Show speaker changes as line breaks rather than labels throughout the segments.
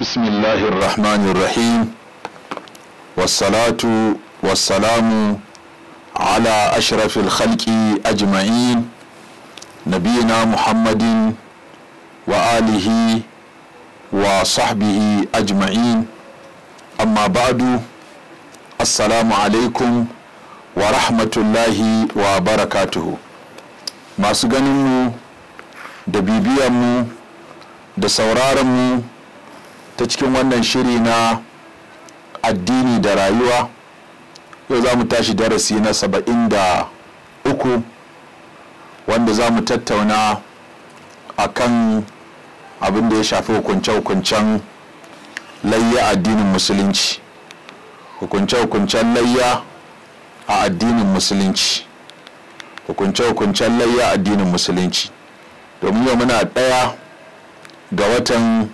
بسم الله الرحمن الرحيم والصلاة والسلام على أشرف الخلق أجمعين نبينا محمد وآله وصحبه أجمعين أما بعد السلام عليكم ورحمة الله وبركاته ما سجنمو دبيبيمو da sauraronmu ta cikin wannan shiri na addini da rayuwa yau za mu tashi darasi na saba'in da uku wanda za mu tattauna a kan abin da ya shafi hukunce-hukuncen layya addinin musulunci hukunce-hukuncen layya a addinin musulunci hukunce-hukuncen layya addinin musulunci domin yau muna ɗaya ga watan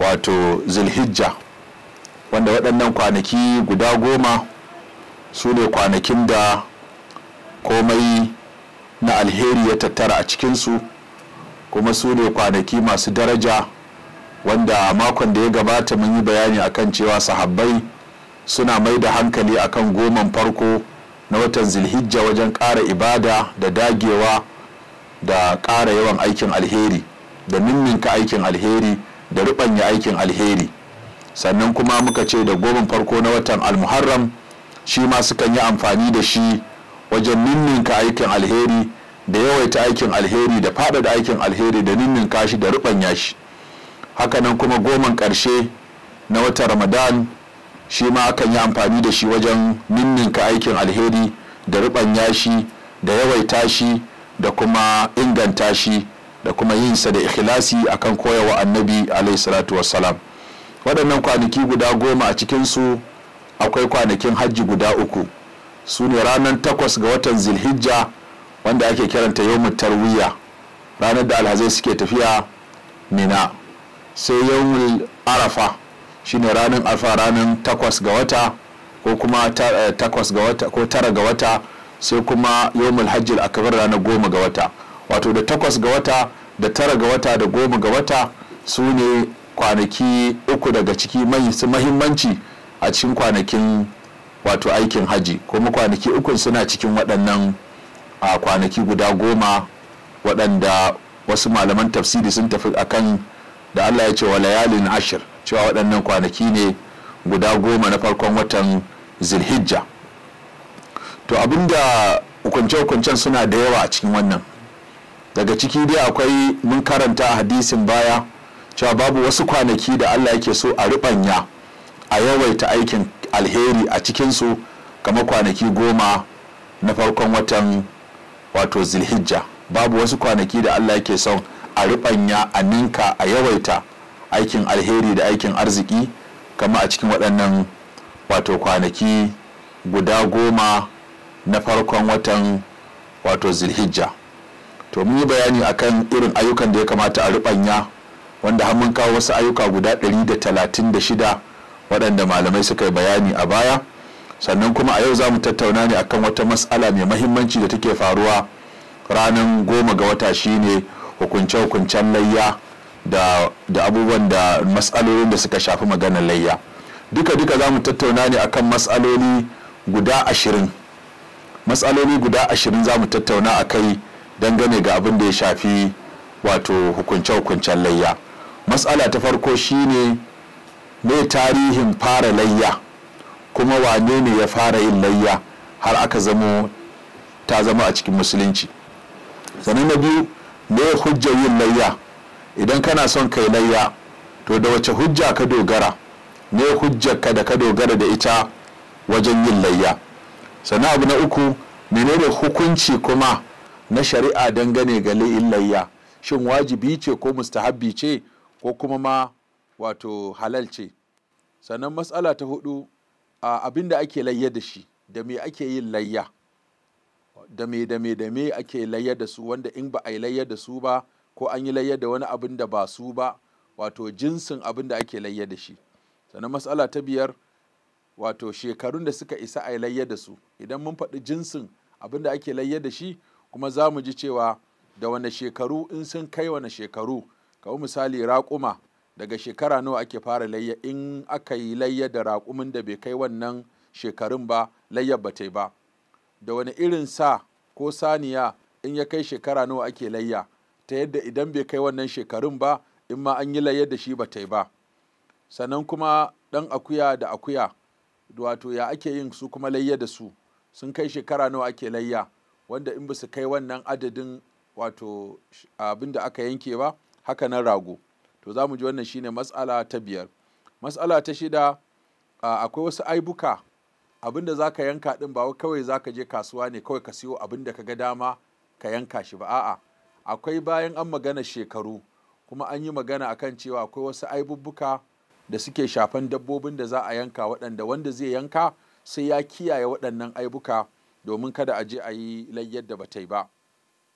wato zulhijja wanda waɗannan kwanaki guda goma su ne kwanakin da komai na alheri ya tattara a cikinsu kuma su ne kwanaki masu daraja wanda makon da ya gabata mun yi bayani akan cewa sahabbai suna mai da hankali akan goman farko na watan zilhijja wajen ƙara ibada da dagewa da ƙara yawan aikin alheri da ninninka aikin alheri da ruɓanya aikin alheri sannan kuma muka ce da goma farko na watan almuharram shi ma sukan yi amfani da shi wajen ninninka aikin alheri da yawaita aikin alheri da faɗaɗa aikin alheri da ninninka shi da ruɓanya shi hakanan kuma goman ƙarshe na watan ramadan shi ma akan yi amfani da shi wajen ninninka aikin alheri da ruɓanya shi da yawaita shi da kuma inganta shi da kuma yin sa da ikhlasi akan koyawa annabi alaihi salatu wassalam waɗannan kwanaki guda goma a cikin su akwai kwanakin hajji guda uku su ne ranar takwas ga watan zilhijja wanda ake kiranta yau tarwiya ranar da alhazai suke tafiya mina sai yawmul arafa shine ranar alfa ranar takwas ga wata ko kuma eh, takwas ga wata ko tara ga wata sai kuma yawmul hajjil akabar ranar goma ga wata wato da takwas ga wata da tara ga wata da goma ga wata su ne kwanaki uku daga ciki mahimmanci a cikin kwanakin wato aikin haji kuma kwanaki uku suna cikin waɗannan a kwanaki guda goma waɗanda wasu malaman tafsiri sun tafi a kan da allah ya ce wa layalin ashir cewa waɗannan kwanaki ne guda goma na farkon watan zilhijja to abinda hukunce-hukuncen suna da yawa a cikin wannan daga ciki dai akwai mun karanta a hadisin baya cewa babu wasu kwanaki da Allah yake so a riɓanya a yawaita aikin alheri a cikinsu kama kwanaki goma na farkon watan wato zilhijja babu wasu kwanaki da Allah yake son a riɓanya a ninka a yawaita aikin alheri da aikin arziki kama a cikin waɗannan wato kwanaki guda goma na farkon watan wato zilhijja to mun yi bayani akan irin ayyukan da ya kamata a rubanya wanda har mun kawo wasu ayyuka guda 136 waɗanda malamai suka yi bayani a baya sannan kuma a yau za mu tattauna ne akan wata matsala mai mahimmanci da take faruwa ranar goma ga wata shine hukunce-hukuncen layya da, da abubuwan da matsalolin da suka shafi maganar layya duka-duka za mu tattauna ne akan matsaloli guda ashirin matsaloli guda ashirin za mu tattauna a kai dangane ga abin da ya shafi wato hukunce-hukuncen layya matsala ta farko shine ne tarihin fara layya kuma wane ne ya fara yin layya har aka zamo ta zama a cikin musulunci sannan na biyu ne hujjar yin layya idan kana son kai layya to da wace hujja ka dogara Ne hujjar ka da ka dogara da ita wajen yin layya sannan abu na uku menene hukunci kuma na shari'a dangane ga layya shin wajibi ce ko
mustahabbi ce ko kuma ma wato halal ce sannan matsala ta hudu abin da ake layya da shi da me ake yin layya da me da me da me ake layya da su wanda in ba a yi layya da su ba ko an yi layya da wani abin da ba su ba wato jinsin abin da ake layya da shi sannan matsala ta biyar wato shekarun da suka isa a layya da su idan mun faɗi jinsin abin da ake layya da shi kuma za mu ji cewa da wane shekaru in sun kai wane shekaru kamar misali raƙuma daga shekara nawa ake fara layya in aka yi layya da raƙumin da bai kai wannan shekarun ba layyar ba ta ba da wani irin sa ko saniya in ya kai shekara nawa ake layya ta yadda idan bai kai wannan shekarun ba in ma an yi layyar da shi ba ta ba sannan kuma ɗan akuya da akuya wato ya ake yin su kuma layya da su sun kai shekara nawa ake layya wanda in ba su kai wannan adadin wato abin da aka yanke ba haka na rago to za mu ji wannan shine matsala ta biyar matsala ta shida akwai wasu aibuka abin da za ka yanka din ba kawai za ka je kasuwa ne kawai ka siyo abin da ka ga dama ka yanka shi ba a'a akwai bayan an magana shekaru kuma an yi magana akan cewa akwai wasu aibubbuka da suke shafan dabbobin da za a yanka waɗanda wanda zai yanka sai ya kiyaye waɗannan aibuka domin kada a je a yi layyar da bata yi ba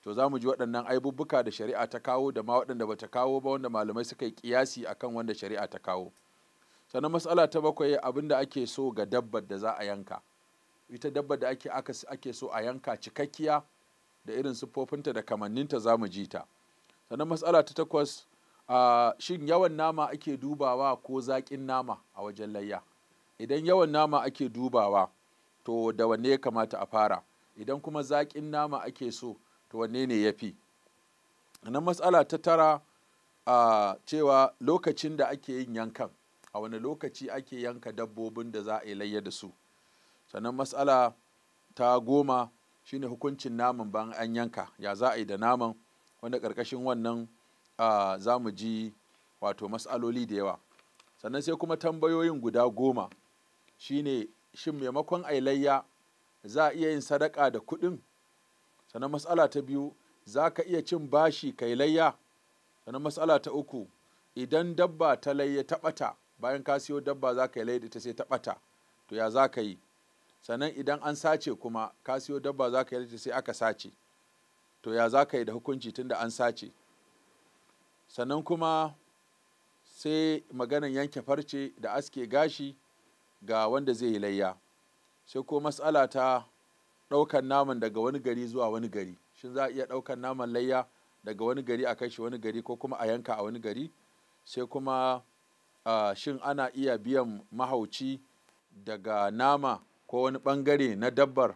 to za mu ji waɗannan aibubbuka da shari'a ta kawo da ma waɗanda bata kawo ba wanda malamai suka yi kiyasi akan wanda shari'a ta kawo sannan matsala ta bakwai abin da ake so ga dabbar da za a yanka ita dabbar da ake ake so a yanka cikakkiya da irin siffofinta da kamanninta za mu ji ta sannan matsala ta takwas Uh, shin yawan nama ake dubawa ko zaƙin nama a wajen layya idan yawan nama ake dubawa to da wanne ya kamata a fara idan kuma zaƙin nama ake so to wanne ne ya fi nan matsala ta tara a cewa lokacin da ake yin yankan a wani lokaci ake yanka dabbobin da za a yi layya da su sannan matsala ta goma shine hukuncin naman ban an yanka ya za a yi da naman wanda ƙarƙashin wannan za mu ji wato matsaloli da yawa sannan sai kuma tambayoyin guda goma shine shin maimakon ailayya za a iya yin sadaka da kuɗin sannan matsala ta biyu za ka iya cin bashi kai layya sannan matsala ta uku idan dabba ta layya ta ɓata bayan ka siyo dabba za ka yi layya ta sai ta ɓata to ya za ka yi sannan idan an sace kuma ka siyo dabba za ka yi ta sai aka sace to ya za ka yi da hukunci tunda an sace sannan kuma sai maganan yanke farce da aske gashi ga wanda zai yi layya sai ko matsala ta ɗaukan naman daga wani gari zuwa wani gari shin za a iya ɗaukan naman layya daga wani gari a kai shi wani gari ko kuma a yanka a wani gari sai kuma uh, shin ana iya biyan mahauci daga nama ko wani bangare na dabbar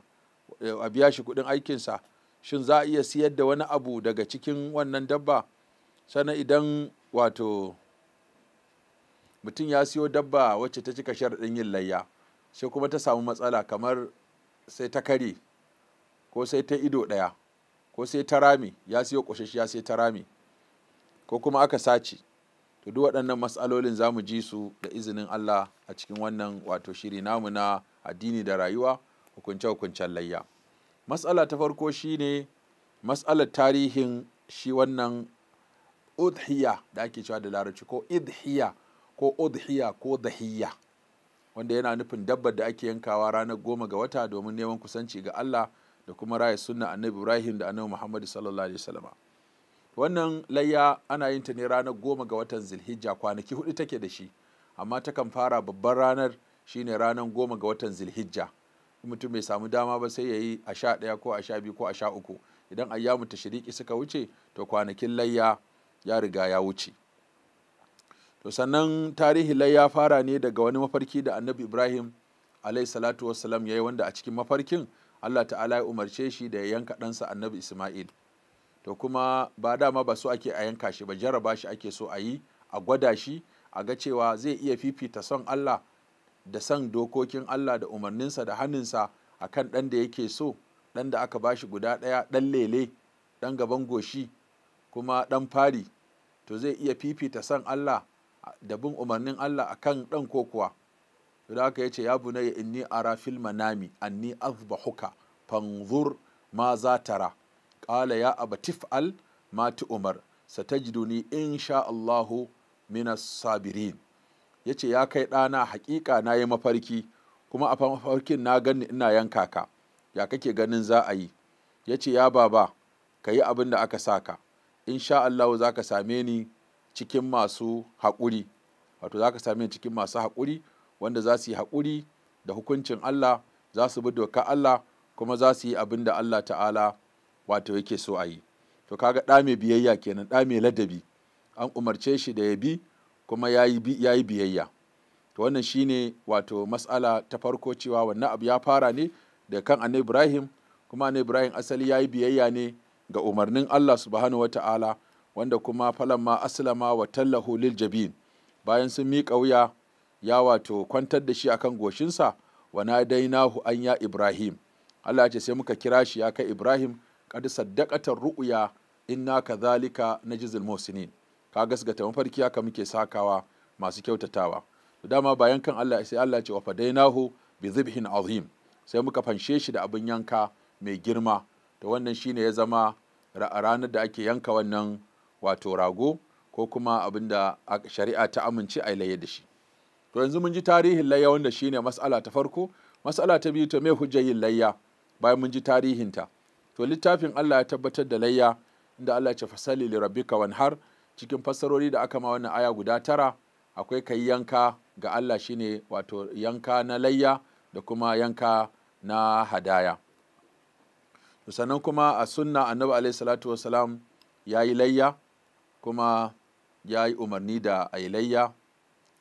eh, a biya shi kudin aikinsa shin za a iya siyar da wani abu daga cikin wannan dabba sannan idan wato mutum ya siyo dabba wacce ta cika sharaɗin yin layya sai kuma ta samu matsala kamar sai ta kare ko sai ta ido ɗaya ko sai ta rami ya siyo ya sai ta rami ko kuma aka sace to duk waɗannan matsalolin za mu ji su da izinin Allah a cikin wannan wato shiri namu na addini da rayuwa hukunce-hukuncen layya matsala ta farko shine matsalar tarihin shi wannan udhiya da ake cewa da larabci ko idhiya ko udhiya ko dahiyya wanda yana nufin dabbar da ake yankawa ranar goma ga wata domin neman kusanci ga Allah da kuma raya sunna annabi Ibrahim da annabi Muhammad sallallahu alaihi wasallam wannan layya ana yin ta ne ranar goma ga watan zilhijja kwanaki hudu take da shi amma takan fara babban ranar shine ranar goma ga watan zilhijja mutum bai samu dama ba sai yayi a sha ɗaya ko a sha biyu ko a sha uku idan ayyamu ta shiriki suka wuce to kwanakin layya ya riga ya wuce to sannan tarihi lai ya fara ne daga wani mafarki da annabi ibrahim alayhi salatu wassalam ya yi wanda a cikin mafarkin allah ta'ala ya umarce shi da ya yanka ɗansa annabi isma'il to kuma ba dama ba so ake a yanka shi ba jarraba shi ake so a yi a gwada shi a ga cewa zai iya fifita son allah da son dokokin allah da umarninsa da hannunsa a kan ɗan da yake so ɗan da aka bashi guda ɗaya ɗan lele ɗan gaban goshi kuma ɗan fari to zai iya fifita son allah da bin umarnin Allah a kan ɗan kokuwa kuwa da haka yace ya ya inni ara fil manami anni azbahuka fanzur ma za tara ƙala ya tif'al ma umar satajiduni insha Allahu minas sabirin yace ya kai ɗana haƙiƙa na yi mafarki kuma a mafarkin na gani ina yanka ka ya kake ganin za a yi yace ya baba ka yi abin da aka saka insha Allahu za ka same ni cikin masu haƙuri wato za ka sami cikin masu haƙuri wanda za su yi haƙuri da hukuncin Allah za su bi doka Allah kuma za su yi abin da Allah ta'ala wato yake so a yi to kaga ɗa mai biyayya kenan ɗa mai ladabi an umarce shi da ya bi kuma ya yi biyayya to wannan shine wato mas'ala ta farko cewa wannan abu ya fara ne da kan annabi ibrahim kuma annabi ibrahim asali ya yi biyayya ne ga umarnin allah subhanahu wata'ala wanda kuma ma aslama wa tallahu lil jabin bayan sun miƙa wuya ya wato kwantar da shi akan goshinsa wa nadainahu an ya ibrahim Allah ya ce sai muka kira shi ya kai ibrahim kad saddaqatar ru'ya inna kadhalika najzil muhsinin ka gasgata mafarki haka muke sakawa masu kyautatawa dama bayan kan Allah sai Allah ce wa fadainahu bi zibhin azim sai muka fanshe shi da abin yanka mai girma to wannan shine ya zama ranar da ake yanka wannan wato rago ko kuma abin da shari'a ta amince a layya da shi to yanzu mun ji tarihin layya wanda shine mas'ala ta farko mas'ala ta biyu ta mai hujjar yin layya bayan mun ji tarihin ta. to littafin Allah ya tabbatar da layya inda Allah ya ce fasali li rabbika wanhar cikin fassarori da aka ma wannan aya guda tara akwai kai yanka ga Allah shine wato yanka na layya da kuma yanka na hadaya sannan kuma a sunna annabi alaihi salatu wasalam ya yi layya kuma ya yi umarni da ailayya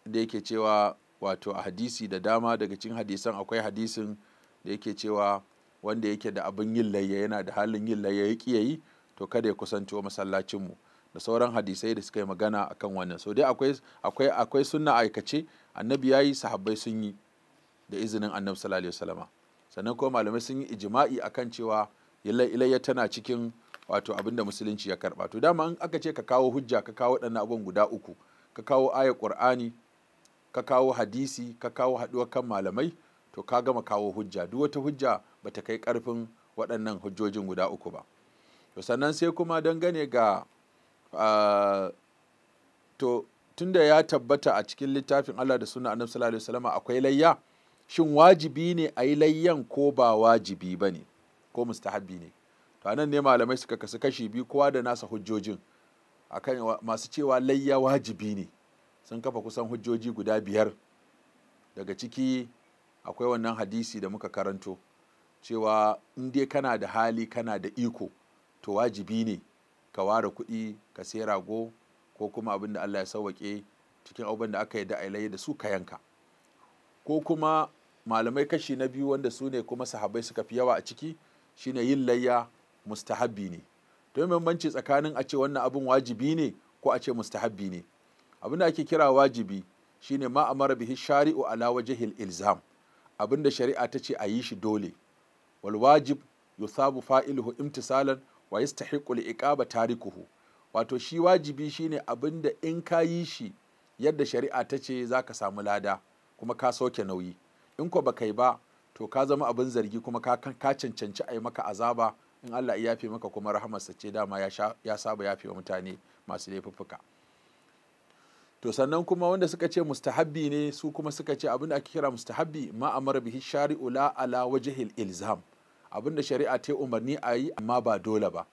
da yake cewa wato a hadisi da dama daga cikin hadisan akwai hadisin da yake cewa wanda yake da abin yin layya yana da halin yin layya ya ƙi yi to kada ya kusanci wa masallacinmu da sauran hadisai da suka yi magana akan wannan so dai akwai akwai akwai sunna aikace annabi yayi sahabbai sun yi da izinin annabi sallallahu alaihi wasallama sannan kuma malamai sun yi ijma'i akan cewa ilayya tana cikin wato abin da musulunci ya karba to dama in aka ce ka kawo hujja ka kawo waɗannan abun guda uku ka kawo ayat qur'ani ka kawo hadisi ka kawo haɗuwar kan malamai to ka gama kawo hujja duk wata hujja bata kai ƙarfin waɗannan hujjojin guda uku ba to sannan sai kuma dangane ga uh, to tunda ya tabbata a cikin littafin Allah da suna annabi sallallahu alaihi wasallam akwai layya shin wajibi ne a yi layyan ko ba wajibi ba ne ko mustahabbi ne to nan ne malamai suka kasu kashi biyu kowa da nasa hujjojin akan masu cewa layya wajibi ne sun kafa kusan hujjoji guda biyar daga ciki akwai wannan hadisi da muka karanto cewa in dai kana da hali kana da iko to wajibi ne ka ware kuɗi ka sai rago ko kuma abin da Allah ya sauwaƙe cikin abin da aka yi da da'ailai da su ka yanka ko kuma malamai kashi na biyu wanda su ne kuma sahabai suka fi yawa a ciki shine yin layya mustahabbi ne to yi bambanci tsakanin a ce wannan abun wajibi ne ko a ce mustahabbi ne abin da ake kira wajibi shine ma amara bihi shari'u ala wajhil ilzam abin da shari'a ta ce a yi shi dole wal wajib yusabu fa'iluhu imtisalan wa yastahiqu li iqaba tarikuhu wato shi wajibi shine abin da in ka yi shi yadda shari'a ta ce za ka samu lada kuma ka soke nauyi in ko baka yi ba to ka zama abin zargi kuma ka cancanci a yi maka azaba in Allah ya yafe maka kuma rahamarsa ce dama ya saba yafe wa mutane masu laifuffuka to sannan kuma wanda suka ce mustahabbi ne su kuma suka ce abin da ake kira mustahabbi ma amara bihi shari'u la ala wajhil ilzam abin da shari'a ta umarni a yi amma ba dole ba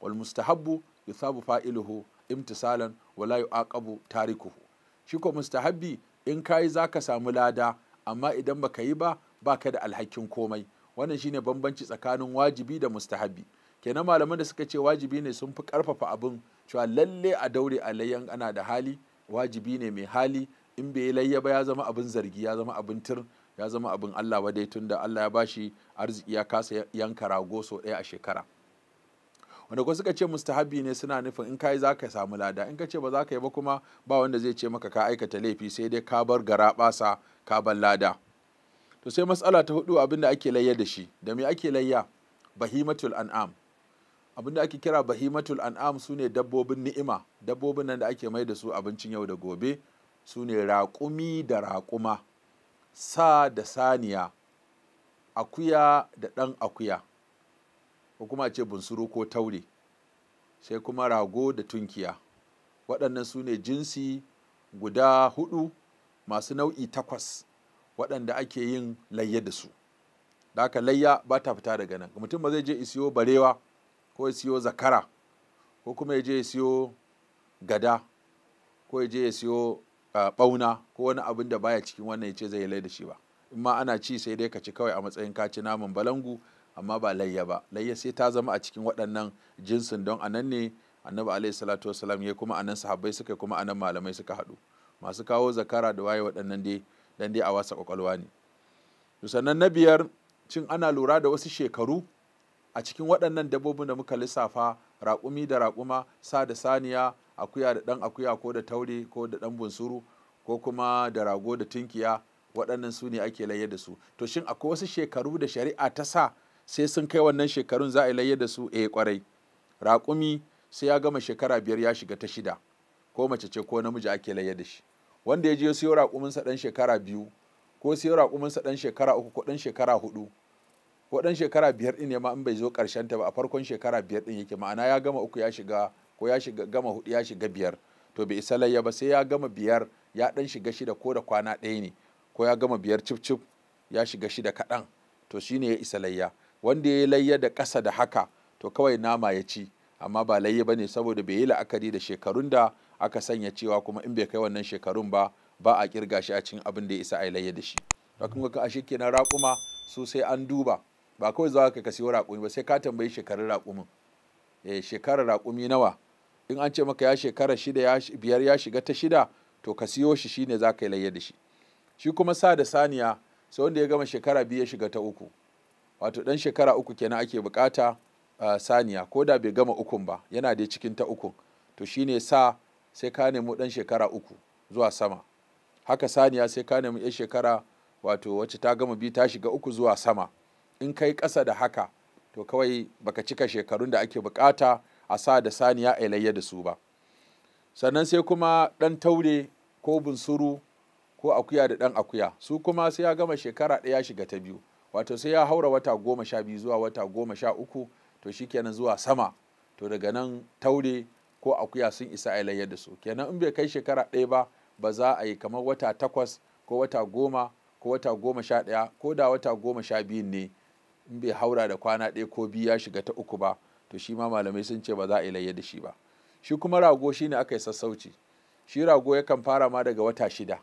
wal mustahabbu yusabu fa'iluhu imtisalan wala yu'aqabu tarikuhu shi ko mustahabbi in kayi zaka samu lada amma idan baka yi ba baka da alhakin komai wannan shine bambanci tsakanin wajibi da mustahabi kenan malaman da suka ce wajibi ne sun fi karfafa abin cewa lalle a daure a layyan ana da hali wajibi ne mai hali in bai yi layya ba ya zama abin zargi ya zama abin tir ya zama abin Allah wadai tunda Allah ya bashi arziki ya kasa yanka rago sau ɗaya a shekara wanda ko suka ce mustahabi ne suna nufin in kai zaka samu lada in ka ce ba za ka yi ba kuma ba wanda zai ce maka ka aikata laifi sai dai ka bar gara basa ka bar lada to sai matsala ta hudu abinda ake layya da shi da me ake layya bahimatul an'am abinda ake kira bahimatul an'am sune dabbobin ni'ima dabbobin nan da ake mai da su abincin yau da gobe sune raƙumi da raƙuma sa da saniya akuya da ɗan akuya ko kuma ce bunsuru ko taure sai kuma rago da tunkiya waɗannan su ne jinsi guda hudu masu nau'i takwas waɗanda ake yin layya da su da aka layya ba ta fita daga nan mutum ba zai je isiyo barewa ko ya siyo zakara ko kuma ya je ya siyo gada ko ya je isiyo siyo ah, ɓauna ko wani abin da baya cikin wannan ya ce zai lai da shi ba in ma ana ci sai dai ka ci kawai a matsayin ka ci balangu amma ba layya ba layya sai ta zama a cikin waɗannan jinsin don anan ne annabi alaihi salatu wasalam ya kuma anan sahabbai suka kuma anan malamai suka haɗu masu kawo zakara da waye waɗannan dai dan dai a wasa kwakwalwa ne sannan na biyar cin ana lura da wasu shekaru a cikin waɗannan dabbobin da muka lissafa raƙumi da raƙuma sa da saniya akuya da ɗan akuya ko da taure ko da ɗan bunsuru ko kuma da rago da tunkiya waɗannan su ne ake layyar da su to shin akwai wasu shekaru da shari'a ta sa sai sun kai wannan shekarun za a layyar da su eh kwarai raƙumi sai ya gama shekara biyar ya shiga ta shida ko mace ce ko namiji ake layyar da shi wanda ya je siyo raƙuminsa ɗan shekara biyu ko siyo raƙuminsa ɗan shekara uku ko ɗan shekara hudu ko ɗan shekara biyar ɗin ne ma in bai zo ƙarshen ta ba a farkon shekara biyar ɗin yake ma'ana ya gama uku ya shiga ko ya shiga gama hudu ya shiga biyar to bai isa layya ba sai ya gama biyar ya ɗan shiga shida ko da kwana ɗaya ne ko ya gama biyar cif cif ya shiga shida kaɗan to shine ya isa layya wanda ya yi layya da ƙasa da haka to kawai nama ya ci amma ba layya ba ne saboda bai yi la'akari da shekarun da aka sanya cewa kuma in bai kai wannan shekarun ba ba a kirga shi a cikin abin da ya isa a layya da shi da kuma ka ashe kenan raƙuma su sai an duba ba kawai za ka siyo raƙumi ba sai ka tambayi shekarun raƙumin eh shekarar raƙumi nawa in an ce maka ya shekara shida ya biyar ya shiga ta shida to ka siyo shi shine za ka yi layya da shi shi kuma sa da saniya sai wanda ya gama shekara biyu ya shiga ta uku wato dan shekara uku kenan ake bukata uh, ah, saniya ko da bai gama ukun ba yana da cikin ta uku to shine sa sai ka nemi ɗan shekara uku zuwa sama haka saniya sai ka nemi 'yan shekara wato wacce ta gama bi ta shiga uku zuwa sama in kai ƙasa da haka to kawai baka cika shekarun da ake bukata a sa da saniya a layya da su ba sannan sai kuma dan taure ko bunsuru ko akuya da dan akuya su kuma sai ya gama shekara ɗaya shiga ta biyu wato sai ya haura wata goma sha biyu zuwa wata goma sha uku to shikenan zuwa sama to daga nan taure ko akuya sun isa a layar da su kenan in bai kai shekara ɗaya ba ba za a yi kamar wata takwas ko wata goma ko wata goma sha ɗaya ko da wata goma sha biyun ne in bai haura da kwana ɗaya ko biyu ya shiga ta uku ba to shi ma malamai sun ce ba za a yi layar da shi ba shi kuma rago shi ne aka yi sassauci shi rago yakan fara ma daga wata shida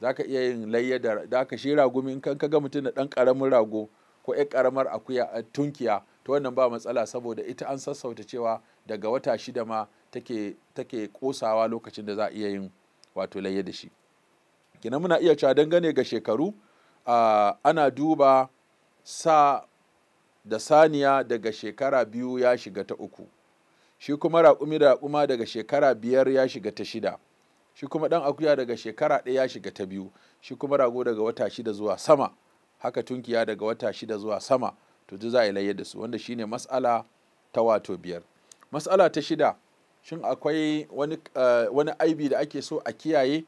za ka iya yin layya da za ka shi rago in kan ka ga mutum da ɗan ƙaramin rago ko ƴan ƙaramar akuya tunkiya to wannan ba matsala saboda ita an sassauta cewa daga wata shida ma take kosawa lokacin da za a iya yin wato layya da shi kina muna iya cewa dangane ga shekaru ana duba sa da saniya daga shekara biyu ya shiga ta uku shi kuma raƙumi da raƙuma daga shekara biyar ya shiga ta shida shi kuma ɗan akuya daga shekara ɗaya ya shiga ta biyu shi kuma rago daga wata shida zuwa sama haka tunkiya daga wata shida zuwa sama to za a yi layyar da su wanda shine mas'ala ta wato biyar mas'ala ta shida shin akwai eh, wani, aibi da ake so a kiyaye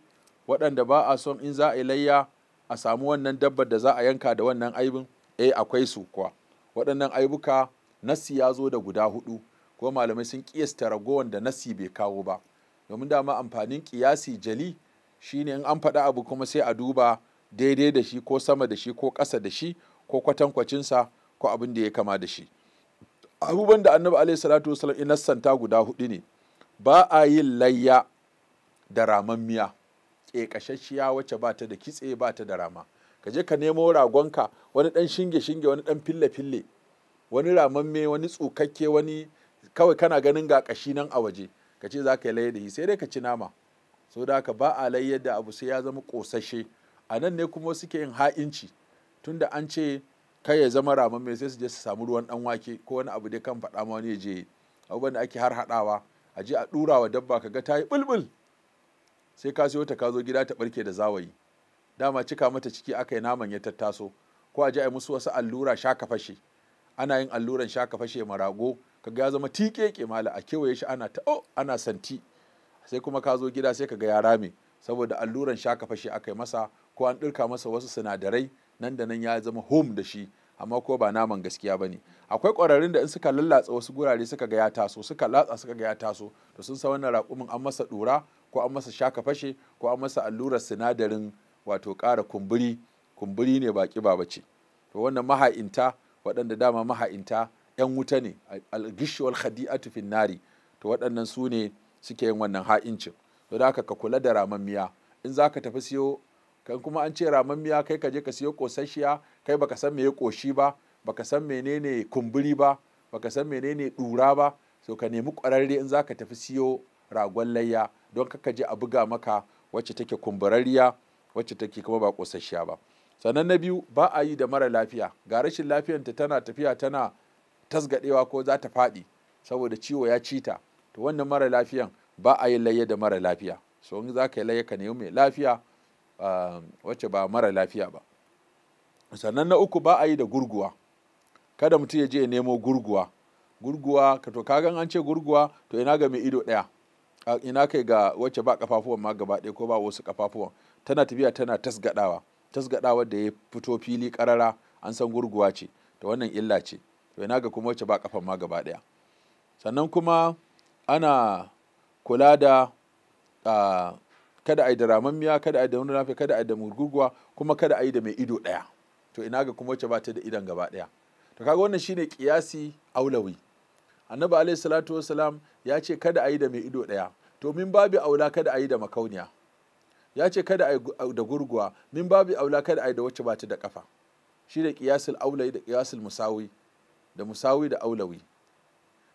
waɗanda ba a son in za a layya a samu wannan dabbar da za a yanka da wannan aibin eh akwai su kuwa waɗannan aibuka nasi ya zo da guda hudu ko malamai sun kiyasta ragowar da nasi bai kawo ba domin dama amfanin kiyasi jali shine in an faɗa abu kuma sai a duba daidai da shi ko sama da shi ko ƙasa da shi ko kwatankwacinsa ko abin da ya kama da shi abubuwan da annabi alaihi salatu in nassanta guda hudu ne ba a yin layya da ramammiya ƙeƙashashiya wacce ba ta da kitse ba ta da rama ka je ka nemo ragonka wani ɗan shinge-shinge wani ɗan fille-fille wani ramamme wani tsokakke, wani kawai kana ganin ga ƙashi nan a waje ka ce za ka yi layya da shi sai dai ka ci nama so da haka ba a layya da abu sai ya zama ƙosashe a nan ne kuma suke yin ha'inci tunda an ce kai ya zama ramamme sai su je su samu ruwan ɗan wake ko wani abu dai kan faɗa ma wani ya je abubuwan da ake har haɗawa a je a dura wa dabba kaga ga ta bulbul sai ka siyo ta ka zo gida ta ɓarke da zawayi dama cika mata ciki aka yi naman ya tattaso ko a je a musu wasu allura shaka fashe ana yin alluran shaka fashe marago kaga ya zama tiƙeƙe mala a kewaye shi ana ta oh ana santi sai kuma ka zo gida sai kaga ya rame saboda alluran shaka fashe aka yi masa ko an ɗirka masa wasu sinadarai nan da nan ya zama home da shi amma ko ba naman gaskiya ba ne akwai ƙwararrun da in suka lallatsa wasu gurare suka ga ya taso suka latsa suka ga ya taso to sun san wannan raƙumin an masa ɗura ko an masa shaka fashe ko an masa allurar sinadarin wato ƙara kumburi kumburi ne ba ƙiba ba ce to wannan maha'inta waɗanda dama maha'inta 'yan wuta ne al-gishu wal khadi'atu fin nari to waɗannan su ne suke yin wannan ha'incin to da haka ka kula da ramammiya in za tafi siyo kan kuma an ce ramammiya kai ka je ka siyo ƙosashiya. kai baka san me ya koshi ba baka san menene kumburi ba baka san menene dura ba so ka nemi kwararre in zaka tafi siyo ragon layya don kaka je a buga maka wacce take kumburarriya wacce take kuma ba kosasshiya ba sannan na biyu ba a yi da mara lafiya ga rashin lafiyan ta tana tafiya tana tasgadewa ko za ta faɗi saboda ciwo ya cita ta to wannan mara lafiyan ba a yi layya da mara lafiya so in za ka yi layya ka nemi mai lafiya ah, wacce ba mara lafiya ba sannan na uku ba a yi da gurguwa kada mutum ya je ya nemo gurguwa gurguwa ka to kagan an ce gurguwa to ina ga mai ido ɗaya ina kai ga wacce ba kafafuwan ma gaba ɗaya ko ba wasu kafafuwan tana tafiya tana tasgadawa tasgadawa da ya fito fili karara an san gurguwa ce to wannan illa ce to ina ga kuma wacce ba kafan ma gaba ɗaya sannan kuma ana kula da kada a yi da ramammiya kada a yi da wani kada a yi da gurguwa, kuma kada a yi da mai ido ɗaya to ina ga kuma wacce ba ta da idan gaba ɗaya to kaga wannan shine kiyasi aulawi annabi alayhi salatu wasalam ya ce kada a yi da mai ido ɗaya to min babi aula kada a yi da makauniya ya ce kada a yi da gurguwa min babi aula kada a yi da wacce ba ta da kafa shi da kiyasul aulawi da kiyasul musawi da musawi da aulawi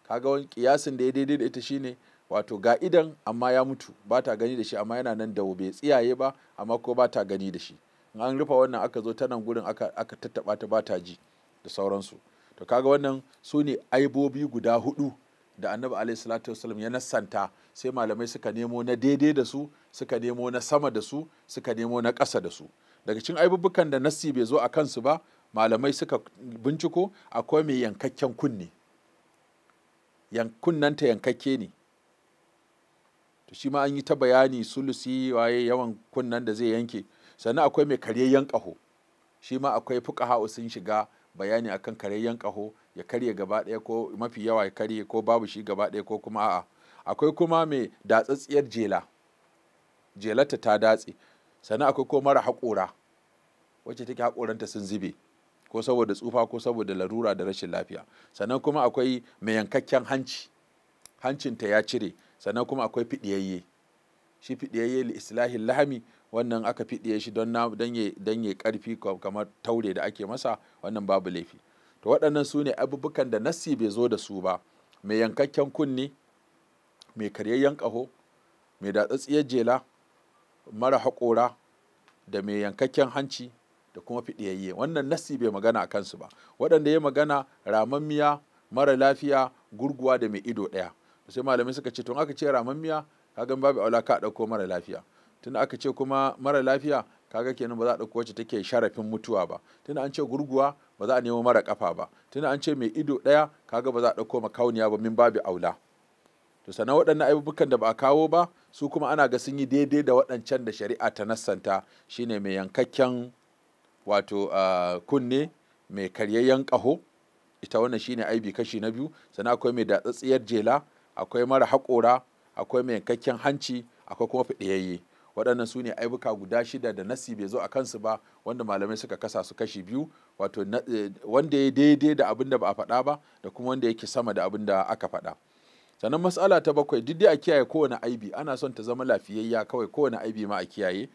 kaga wani kiyasin da ya daidai da ita shine wato ga idan amma ya mutu ba ta gani da shi amma yana nan da bai tsiyaye ba amma ko ba ta gani da shi an rufe wannan aka zo ta nan gurin aka aka tattaba ta bata ji da sauransu to kaga wannan su ne aibobi guda hudu da annabi alaihi salatu wasallam ya nasanta sai malamai suka nemo na daidai da su suka nemo na sama da su suka nemo na ƙasa da su daga cikin aibubukan da nassi bai zo a kansu ba malamai suka binciko akwai mai yankakken kunne ta yankakke ne to shi ma an yi ta bayani sulusi waye yawan kunnan da zai yanke sannan akwai mai karyayyen ƙaho shi ma akwai fuƙaha sun shiga bayani akan karyayyen ƙaho ya karye gaba ɗaya ko mafi yawa ya karye ko babu shi gaba ɗaya ko kuma a'a akwai kuma mai datsatsiyar jela jelata ta datse sannan akwai ko mara haƙora wacce take haƙoranta sun zube ko saboda tsufa ko saboda larura da rashin lafiya sannan kuma akwai mai yankakken hanci hancinta ya cire sannan kuma akwai fiɗiyayye shi fiɗiyayye li islahin lahami wannan aka fiɗiye shi don don ya karfi kamar taure da ake masa wannan babu laifi to waɗannan su ne abubukan da nassi bai zo da su ba mai yankakken kunni mai karyayyen ƙaho mai datsatsiyar jela mara haƙora da mai yankakken hanci da kuma fiɗiyayye wannan nassi bai magana a kansu ba waɗanda ya magana ramammiya mara lafiya gurguwa da mai ido ɗaya sai malamai suka ce tun aka ce ramammiya gan babu aula ka ɗauko mara lafiya tunda aka ce kuma mara lafiya kaga kenan ba za a ɗauko wacce take sharafin mutuwa ba tunda an ce gurguwa ba za a nemo mara kafa ba tunda an ce mai ido ɗaya kaga ba za a ɗauko makauniya ba min babu aula to sannan waɗannan abubukan da ba a kawo ba su kuma ana ga sun yi daidai da waɗancan da shari'a ta nassanta shine mai yankakken wato ah, kunne mai karyayyen ƙaho ita wannan shine aibi kashi na biyu sannan akwai mai datsatsiyar jela akwai mara haƙora akwai mai yankakken hanci akwai kuma fiɗayayye waɗannan su ne aibuka guda shida da nasi bai zo a kansu ba wanda malamai suka kasa su kashi biyu wato eh, wanda ya daidai da abin da ba a faɗa ba da kuma wanda yake sama da abin da aka faɗa sannan matsala ta bakwai duk dai a kiyaye kowane aibi ana son ta zama lafiyayya kawai kowane aibi ma a kiyaye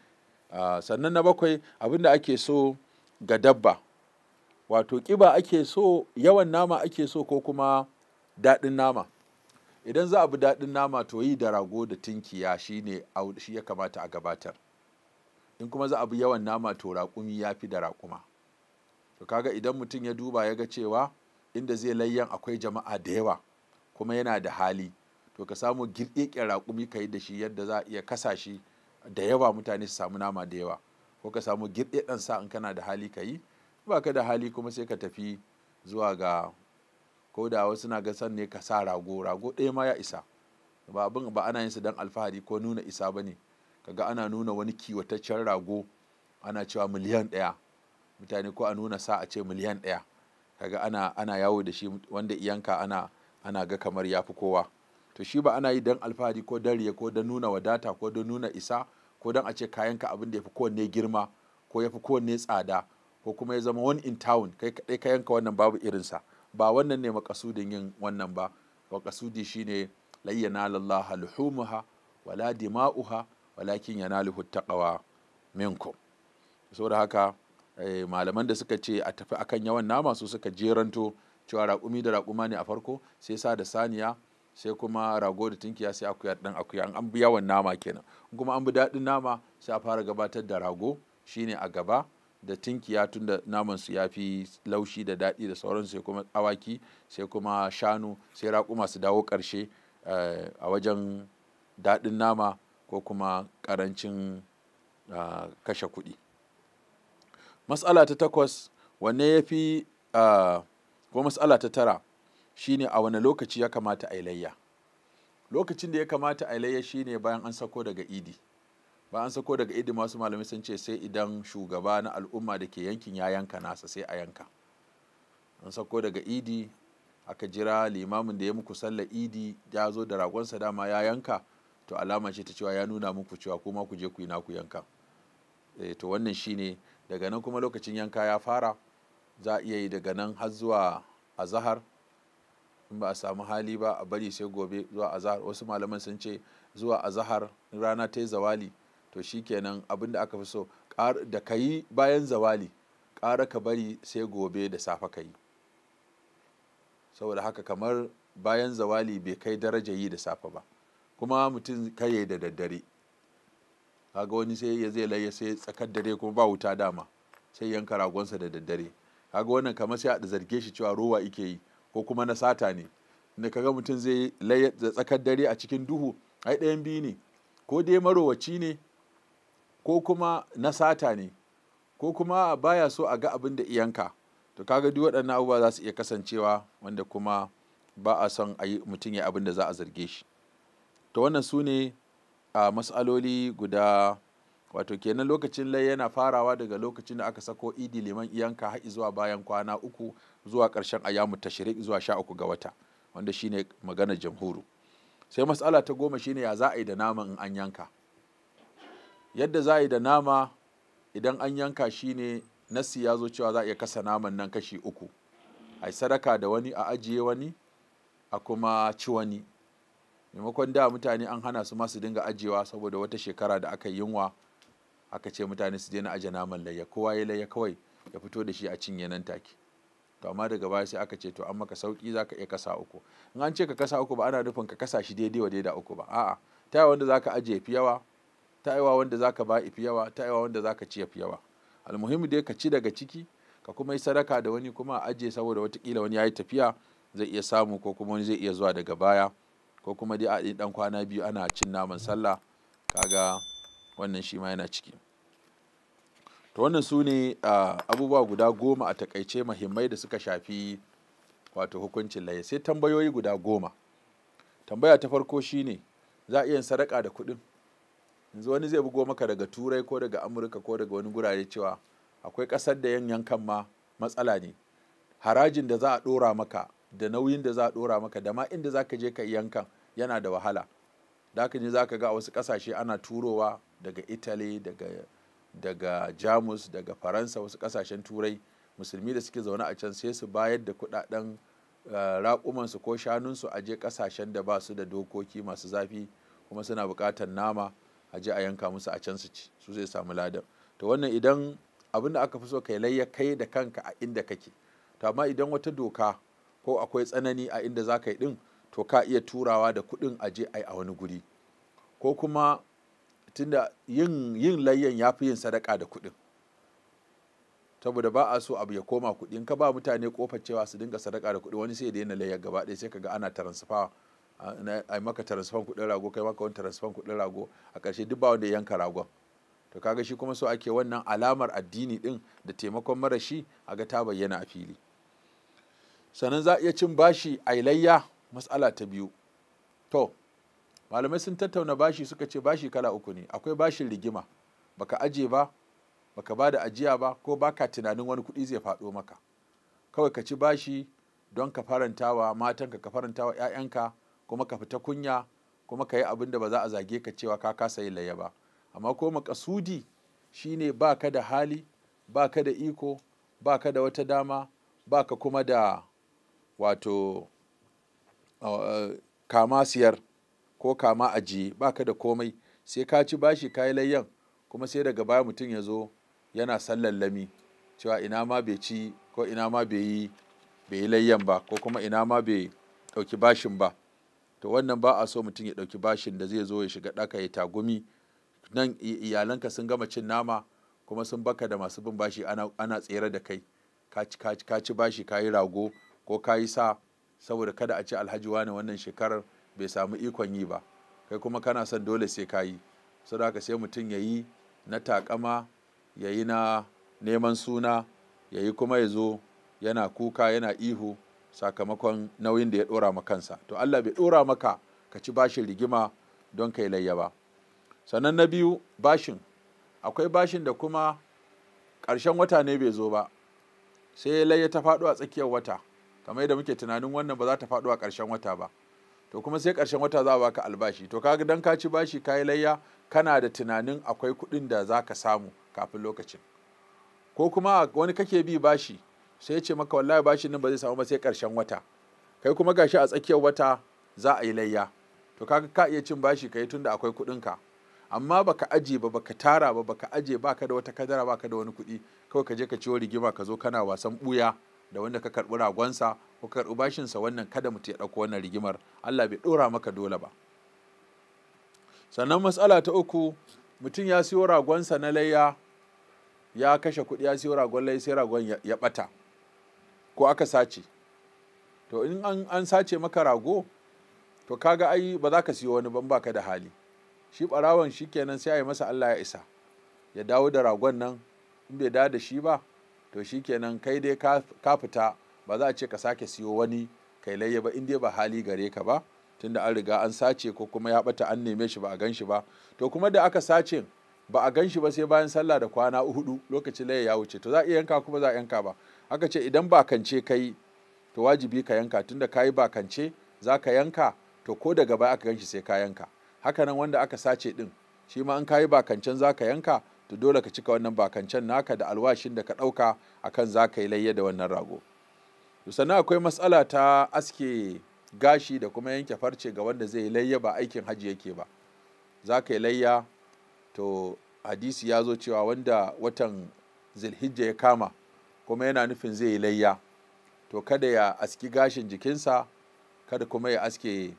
ah, sannan na bakwai abin da ake so ga dabba wato kiba ake so yawan nama ake so ko kuma daɗin nama idan za a bi daɗin nama to yi da rago da tinkiya shi ne shi ya kamata a gabatar in kuma za a bi yawan nama to raƙumi ya fi da raƙuma to kaga idan mutum ya duba ya ga cewa inda zai layyan akwai jama'a da yawa kuma yana da hali to ka samu girƙeƙen raƙumi ka yi da shi yadda za a iya kasa shi da yawa mutane su samu nama da yawa ko ka samu girɗe sa in kana da hali ka yi ba ka da hali kuma sai ka tafi zuwa ga ko da wasu na ga san ne ka sa rago rago ɗaya ma ya isa ba abin ba ana yin su don alfahari ko nuna isa ba ne kaga ana nuna wani kiwataccen rago ana cewa miliyan ɗaya mutane ko a nuna sa a ce miliyan ɗaya kaga ana ana yawo da shi wanda iyanka ana ana ga kamar ya fi kowa to shi ba ana yi don alfahari ko don riya ko don nuna wadata ko don nuna isa ko don a ce kayanka abin da ya fi kowanne girma ko ya fi kowanne tsada ko kuma ya zama one in town kai kaɗai ka wannan babu irinsa ba wannan ne makasudin yin wannan ba makasudi shine la yanalallaha luhumuha wala dima'uha walakin yanaluhu taqwa minkum saboda haka eh, malaman da suka ce a tafi akan yawan nama su suka jeranto cewa raƙumi da raƙuma ne a farko sai sa da saniya sai kuma rago da tunkiya sai akuya dan akuya an bi yawan nama kenan kuma an bi daɗin nama sai a fara gabatar da rago shine a gaba da tinkiya tun da namansu ya fi laushi da daɗi da sauransu sai kuma awaki sai kuma shanu sai raƙuma su dawo ƙarshe eh, a wajen daɗin nama ko kuma ƙarancin ah, kashe kuɗi matsala ta takwas wanne ya fi ah, ko matsala ta tara shine a wane lokaci ya kamata a layya lokacin da ya kamata a layya shine bayan an sako daga idi ba an sako daga idin masu malamai sun ce sai idan shugaba na al'umma da ke yankin ya yanka nasa sai a yanka an sako daga idi aka jira limamin da ya muku sallar idi ya zo da ragonsa dama ya yanka to alama ce ta cewa ya nuna muku cewa kuma ku je ku yi naku yanka eh, to wannan shine daga nan kuma lokacin yanka ya fara za a iya yi daga nan har zuwa azahar in ba a samu hali ba a bari sai gobe zuwa azahar wasu malaman sun ce zuwa azahar rana ta yi zawali to shikenan abin da aka fi so da ka yi bayan zawali ƙara ka bari sai gobe da safe ka yi saboda haka kamar bayan zawali bai kai daraja yi da safe ba kuma mutum kaye da daddare kaga wani sai ya zai laye sai tsakar dare kuma ba wuta dama sai yanka ragonsa da daddare kaga wannan kamar sai a zarge shi cewa rowa ike yi ko kuma na sata ne inda kaga mutum zai laye tsakar dare a cikin duhu ai ɗayan biyu ne ko dai marowaci ne ko kuma na sata ne ko kuma baya so a ga abin da iyanka to kaga duk waɗannan abubuwa za su iya kasancewa wanda kuma ba a son a yi mutum ya abin da za a zarge shi to wannan su ne a matsaloli guda wato kenan lokacin lai yana farawa daga lokacin da aka sako idi liman iyanka har zuwa bayan kwana uku zuwa ƙarshen ayyamu tashrik zuwa sha uku ga wata wanda shine magana jamhuru sai matsala ta goma shine ya za a yi da naman in an yanka yadda za a yi da nama idan an yanka shi ne nasi ya zo cewa za a iya kasa naman nan kashi uku a sadaka da wani a ajiye wani a kuma ci wani maimakon da mutane an hana su masu dinga ajiyewa saboda wata shekara da aka yi yunwa aka ce mutane su daina aje naman layya kowa ya layya kawai ya fito da shi a cinye nan take to amma daga baya sai aka ce to an maka sauki zaka iya kasa uku in an ce ka kasa uku ba ana nufin ka kasa shi daidai wa daidai uku ba a'a ta wanda zaka aje fi yawa ta yawa wanda zaka ba ifi yawa ta yawa wanda zaka ci yafi yawa almuhimmi dai ka ci daga ciki ka kuma yi sadaka da wani kuma a ajiye saboda watakila wani ya yi tafiya zai iya samu ko kuma wani zai iya zuwa daga baya ko kuma dai a ɗan kwana biyu ana cin naman sallah kaga wannan shi ma yana ciki to wannan su ne abubuwa guda goma a takaice mahimmai da suka shafi wato hukuncin laye sai tambayoyi guda goma tambaya ta farko shine za a iya sadaka da kuɗin yanzu wani zai bugo maka daga turai ko daga amurka ko daga wani gurare cewa akwai ƙasar da yan yankan ma matsala ne harajin da za a ɗora maka da nauyin da za a ɗora maka da ma inda za ka je ka yankan yana da wahala da haka ne za ka ga wasu kasashe ana turowa daga italy daga jamus daga faransa wasu kasashen turai musulmi da suke zaune a can sai su bayar da kuɗaɗen eh, raƙumansu ko shanunsu a je ƙasashen da ba su da dokoki masu zafi kuma suna buƙatar nama a je a yanka musu a can su ci su zai samu ladan to wannan idan abin da aka fi so kai layya kai da kanka a inda kake to amma idan wata doka ko akwai tsanani a inda za ka yi din to ka iya turawa da kuɗin a je a a wani guri ko kuma tunda yin yin layyan ya fi yin sadaka da kuɗin saboda ba a so abu ya koma kuɗi in ka ba mutane kofar cewa su dinga sadaka da kudi wani sai ya daina layyar gaba ɗaya sai ka ga ana taransifawa a maka transfer kuɗin rago kai maka wani transfer kuɗin rago a ƙarshe duk ba wanda ya yanka ragon to kaga shi kuma so ake wannan alamar addini din da taimakon shi, a ga ta bayyana a fili sannan za a iya cin bashi a layya matsala ta biyu to malamai sun tattauna bashi suka ce bashi kala uku ne akwai bashin rigima baka aje ba baka ba da ajiya ba ko baka tunanin wani kuɗi zai faɗo maka kawai ka ci bashi don ka farantawa matanka ka farantawa 'ya'yanka kuma ka fita kunya kuma ka yi abin da ba za a zage ka cewa ka kasa yin layya ba amma ko makasudi shine ba ka da hali ba ka da iko ba ka da wata dama ba ka kuma da wato uh, uh, kama siyar ko kama ajiye ba ka da komai sai ka ci bashi ka yi layyan kuma sai daga baya mutum ya zo yana sallallami cewa ina ma bai ci ko ina ma bai yi layyan ba ko kuma ina ma bai ɗauki bashin ba to wannan ba a so mutum ya ɗauki bashin da zai zo ya shiga ɗaka ya tagumi nan iyalanka sun gama cin nama kuma sun baka da masu bin bashi ana, tsere da kai ka ci bashi ka yi rago ko ka yi sa saboda kada a ci alhaji wani wannan shekarar bai samu ikon yi ba kai kuma kana son dole sai ka yi saboda sai mutum ya yi na takama ya yi na neman suna ya yi kuma ya zo yana kuka yana ihu sakamakon nauyin da ya ɗora ma kansa to Allah bai ɗora maka ka ci bashin rigima don kai layya ba sannan na biyu bashin akwai bashin da kuma ƙarshen wata ne bai zo ba sai layya ta faɗo a tsakiyar wata kamar yadda muke tunanin wannan ba za ta faɗo a ƙarshen wata ba to kuma sai ƙarshen wata za a baka albashi to kaga dan ka ci bashi ka layya kana da tunanin akwai kuɗin da za ka samu kafin lokacin ko kuma wani kake bi bashi sai ya ce maka wallahi bashin nan ba zai samu ba sai karshen wata kai kuma gashi a tsakiyar wata za a yi layya to kaga ka iya cin bashi kai tunda akwai kuɗin ka amma baka aje ba baka tara ba baka aje baka da wata kadara baka da wani kuɗi kawai ka je ka ciwo rigima ka zo kana wasan buya da wanda ka karɓi ragonsa ko ka karɓi bashinsa wannan kada mutum ya ɗauko wannan rigimar Allah bai ɗora maka dole ba sannan matsala ta uku mutum ya siyo ragonsa na layya ya kashe kuɗi ya siyo ragon layya sai ragon ya ɓata ko aka sace to in an, an sace maka rago to kaga ai ba za ka siyo wani ban baka da hali shi barawon shi kenan sai a yi masa Allah ya isa ya dawo da ragon nan in bai dawo da shi ba to shi kenan kai dai ka fita ba za a ce ka sake siyo wani kai layya ba in dai ba hali gare ka ba tunda an riga an sace ko kuma ya bata an neme shi ba a gan shi ba to kuma da aka sace ba a gan shi ba sai bayan sallah da kwana hudu lokacin laye ya wuce to za a iya yanka kuma za a yanka ba aka ce idan bakance ka yi to wajibi ka yanka tunda ka yi bakance za ka yanka to ko daga baya aka ganshi sai ka yanka hakanan wanda aka sace din shi ma in ka yi bakancen za ka yanka to dole ka cika wannan bakancen naka da alwashin da ka ɗauka kan za ka yi layya da wannan rago sannan akwai matsala ta aske gashi da kuma yanke farce ga wanda zai layya ba aikin hajji yake ba za ka yi layya to hadisi ya zo cewa wanda watan zilhijja ya kama kuma yana nufin zai yi layya to kada ya aski gashin jikinsa kada kuma ya aske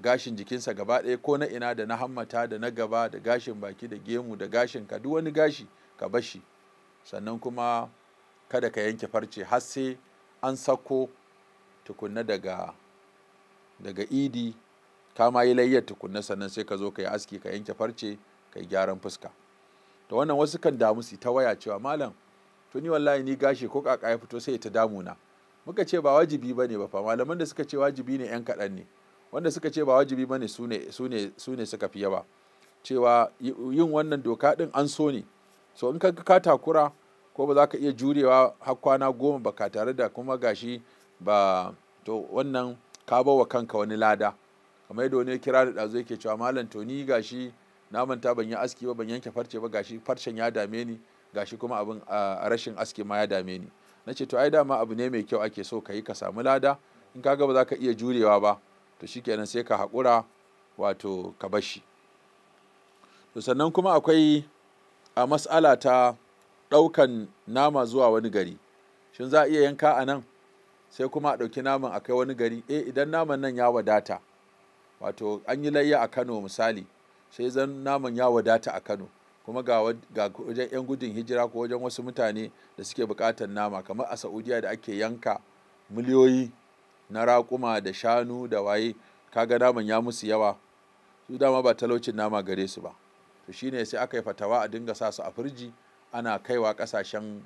gashin jikinsa gaba ɗaya ko na ina da na hammata da na gaba da gashin baki da gemu da gashin ka duk wani gashi ka bashi sannan kuma kada ka yanke farce har sai an sako tukunna daga daga idi ka ma yi layyar tukunna sannan sai ka zo ka yi aski ka yanke farce ka yi gyaran fuska to wannan wasu kan damu su ta waya cewa malam to ni wallahi ni gashi ko kaka ya fito sai ta damu na muka ce ba wajibi bane ba fa malaman da suka ce wajibi ne yan kaɗan ne wanda suka ce ba wajibi bane su ne su suka fi yawa cewa yin wannan doka din an so ne so in ka ka takura ko ba za ka iya jurewa har kwana goma ba ka tare da kuma gashi ba to wannan ka bawa kanka wani lada kamar yadda wani kira da ɗazu yake cewa malam to ni gashi na manta ban yi aski ba ban yanke farce ba gashi farcen ya dame ni gashi kuma abin rashin aski ma ya dame ni na ce to ai dama abu ne mai kyau ake so ka yi ka samu lada in kaga ba za ka iya jurewa ba to shikenan sai ka haƙura wato ka bashi to sannan kuma akwai a mas'ala ta ɗaukan nama zuwa wani gari shin za a iya yanka a nan sai kuma a ɗauki naman a kai wani gari eh idan naman nan ya wadata wato an yi layya a kano misali sai zan naman ya wadata a kano kuma ga wajen 'yan gudun hijira ko wajen wasu mutane da suke bukatar nama kamar a saudiya da ake yanka miliyoyi na raƙuma da shanu da waye kaga naman ya musu yawa su dama ba talaucin nama gare su ba to shine sai aka yi fatawa a dinga sa su a firji ana kaiwa kasashen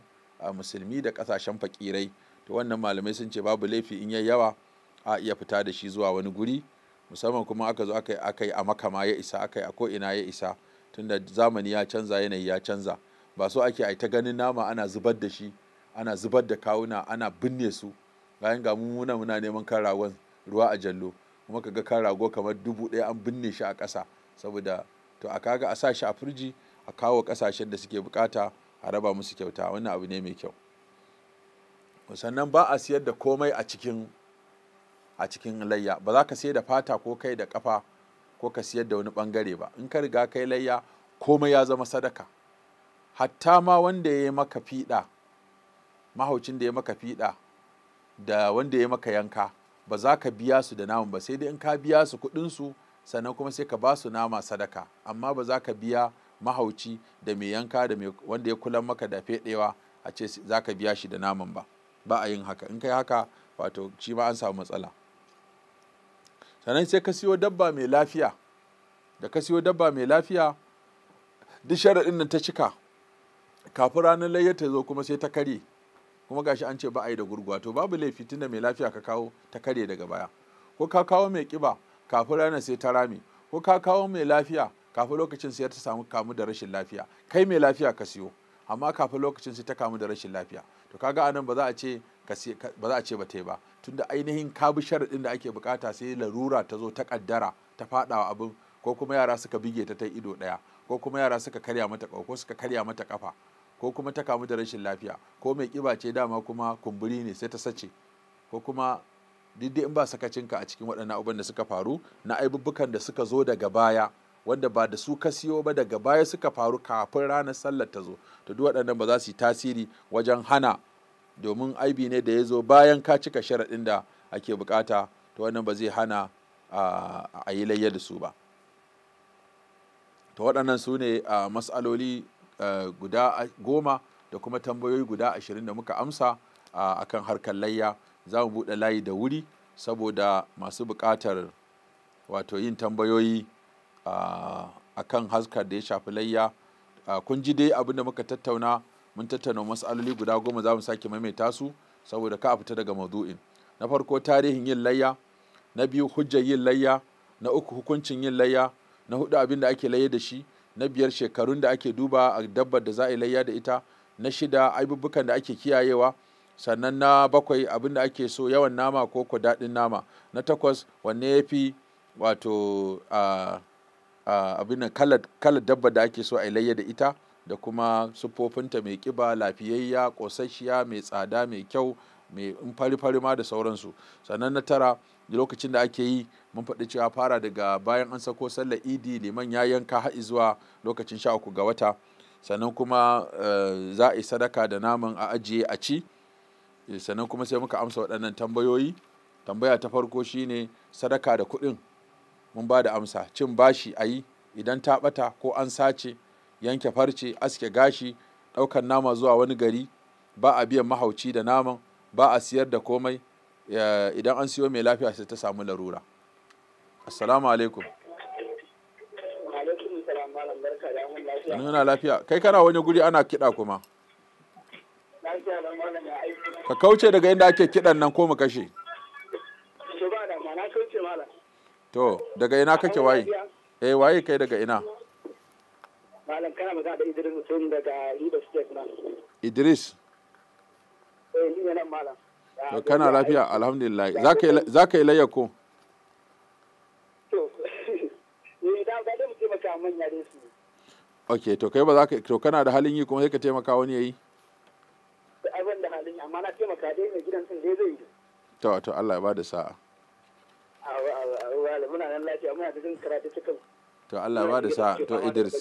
musulmi da kasashen fakirai to wannan malamai sun ce babu laifi in yayi yawa a iya fita da shi zuwa wani guri musamman kuma aka zo aka yi a makama ya isa aka yi a ko'ina ya isa tunda zamani ya canza yanayi ya canza ba so ake ai ta ganin nama ana zubar da shi ana zubar da kawuna ana binne su bayan ga muna muna neman kan ragon ruwa a jallo kuma kaga kan rago kamar dubu ɗaya an binne shi a ƙasa saboda to a kaga a sa shi a firji a kawo ƙasashen da suke bukata a raba musu kyauta wannan abu ne mai kyau sannan ba a siyar da komai a cikin a cikin layya ba za ka sayar da fata ko kai da kafa ko ka siyar da wani bangare ba in ka riga kai layya komai ya zama sadaka hatta ma wanda ya yi maka fiɗa mahaucin da ya maka fiɗa da wanda ya maka yanka ba za ka biya su da naman ba sai dai in ka biya su kuɗin su sannan kuma sai ka ba su nama sadaka amma ba za ka biya mahauci da mai yanka da wanda ya kula maka da feɗewa a ce za ka biya shi da naman ba ba a yin haka in kai haka wato shi ma an samu matsala sannan sai ka siyo dabba mai lafiya da ka siyo dabba mai lafiya duk sharaɗin nan ta cika kafin ranar layyar ta zo kuma sai ta karye kuma gashi an ce ba a yi da gurguwa to babu laifi tunda mai lafiya ka kawo ta karye daga baya ko ka kawo mai kiba kafin ranar sai ta rame ko ka kawo mai lafiya kafin lokacin sai ta samu kamu da rashin lafiya kai mai lafiya ka siyo amma kafin lokacin sai ta kamu da rashin lafiya to kaga anan ba za a ce ba za a ce ba ta yi ba tunda ainihin ka bi sharaɗin da ake bukata sai larura ta zo ta kaddara ta faɗawa abin ko kuma yara suka bige ta ta ido ɗaya ko kuma yara suka karya mata ko suka karya mata kafa ko kuma ta kamu da rashin lafiya ko mai kiba ce dama kuma kumburi ne sai ta sace ko kuma duk in ba sakacinka a cikin waɗannan abubuwan da suka faru na aibubbukan da suka zo daga baya wanda ba da su ka siyo ba daga baya suka faru kafin ranar sallar ta zo to duk waɗannan ba za su yi tasiri wajen hana domin aibi ne da ya zo bayan ka cika sharaɗin da ake bukata to wannan ba zai hana a yi layya da su ba to waɗannan su ne matsaloli guda goma da kuma tambayoyi guda ashirin da muka amsa a kan harkar layya za mu buɗe layi da wuri saboda masu buƙatar wato yin tambayoyi a kan haskar da ya shafi layya kun ji dai abin da muka tattauna mun tattauna matsaloli guda goma za mu sake maimaita su saboda ka fita daga maudu'in na farko tarihin yin layya na biyu hujjar yin layya na uku hukuncin yin layya na hudu abin da ake layya da shi na biyar shekarun da ake duba a dabbar da za a yi layya da ita na shida abubukan da ake kiyayewa sannan na bakwai abin da ake so yawan nama ko ko daɗin nama na takwas wanne ya fi wato ah, ah, abin kalar dabbar da ake so a yi layya da ita da kuma siffofinta mai kiba lafiyayya ƙosasshiya mai tsada mai kyau mai fari-fari ma da sauransu sannan na tara lokacin da ake yi mun faɗi cewa fara daga bayan an sako sallar idi liman ya yanka haɗi zuwa lokacin sha uku ga wata sannan kuma eh, za a yi sadaka da naman a ajiye a ci eh, sannan kuma sai muka amsa waɗannan tambayoyi tambaya ta farko shine sadaka da kuɗin mun ba da amsa cin bashi a yi idan ta ɓata ko an sace yanke farce aske gashi ɗaukar nama zuwa wani gari ba a biyan mahauci da naman ba a siyar da komai idan an siyo mai lafiya sai ta samu larura assalamu alaikum nuna lafiya kai kana wani guri ana kiɗa kuma ka kauce daga inda ake kiɗan nan ko mu kashe to daga ina kake waye eh waye kai daga ina malam Idris
na eh, kana lafiya
alhamdulillah za ka yi layya ko ok to kai ba za ka to kana da halin yi kuma sai ka taimaka wani yayi
abin da halin amma na taimaka dai mai gidan sun dai zai yi
to to Allah ya bada sa'a
awa, muna nan lafiya muna da jin karatu cikin
to Allah ba da sa to Idris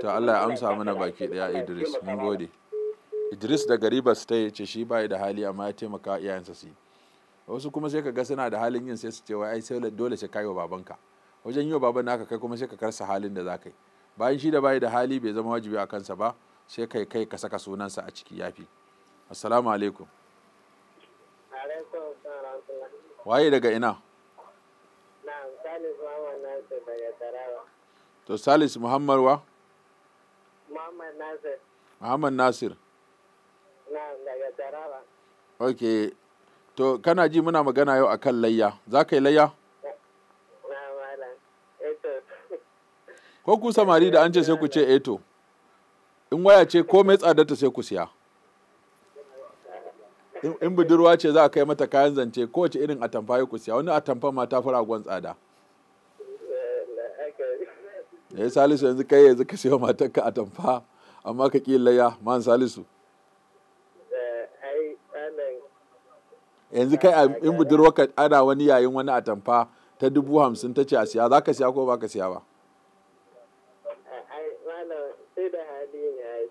to Allah ya amsa mana baki daya Idris mun gode
Idris daga Rivers ta ce shi bai da hali amma ya taimaka iyayensa su wasu kuma sai ka ga suna da halin yin sai su ce wai ai sai dole sai kai wa babanka wajen yi wa baban naka kai kuma sai ka karsa halin da za ka yi bayan shi da bai da hali bai zama wajibi a kansa ba sai kai kai ka saka sunansa a ciki yafi assalamu alaikum waye daga ina to salis muhammad wa
muhammad nasir
muhammad nasir
na daga taraba
ok to kana ji muna magana yau akan layya za ka yi layya ko ku samari da an ce sai ku ce eto in waya ce ko mai ta sai ku siya in budurwa ce za a kai mata kayan zance kowace irin atamfa ku siya wani atamfa ma ta fara gwan tsada ya eh, salisu yanzu kai yanzu ka siyo matarka a tamfa amma ka ƙi laya man salisu
eh,
yanzu kai in ka ana wani yayin wani a tamfa ta dubu hamsin ta ce a siya za ka siya ko ba ka siya ba
eh,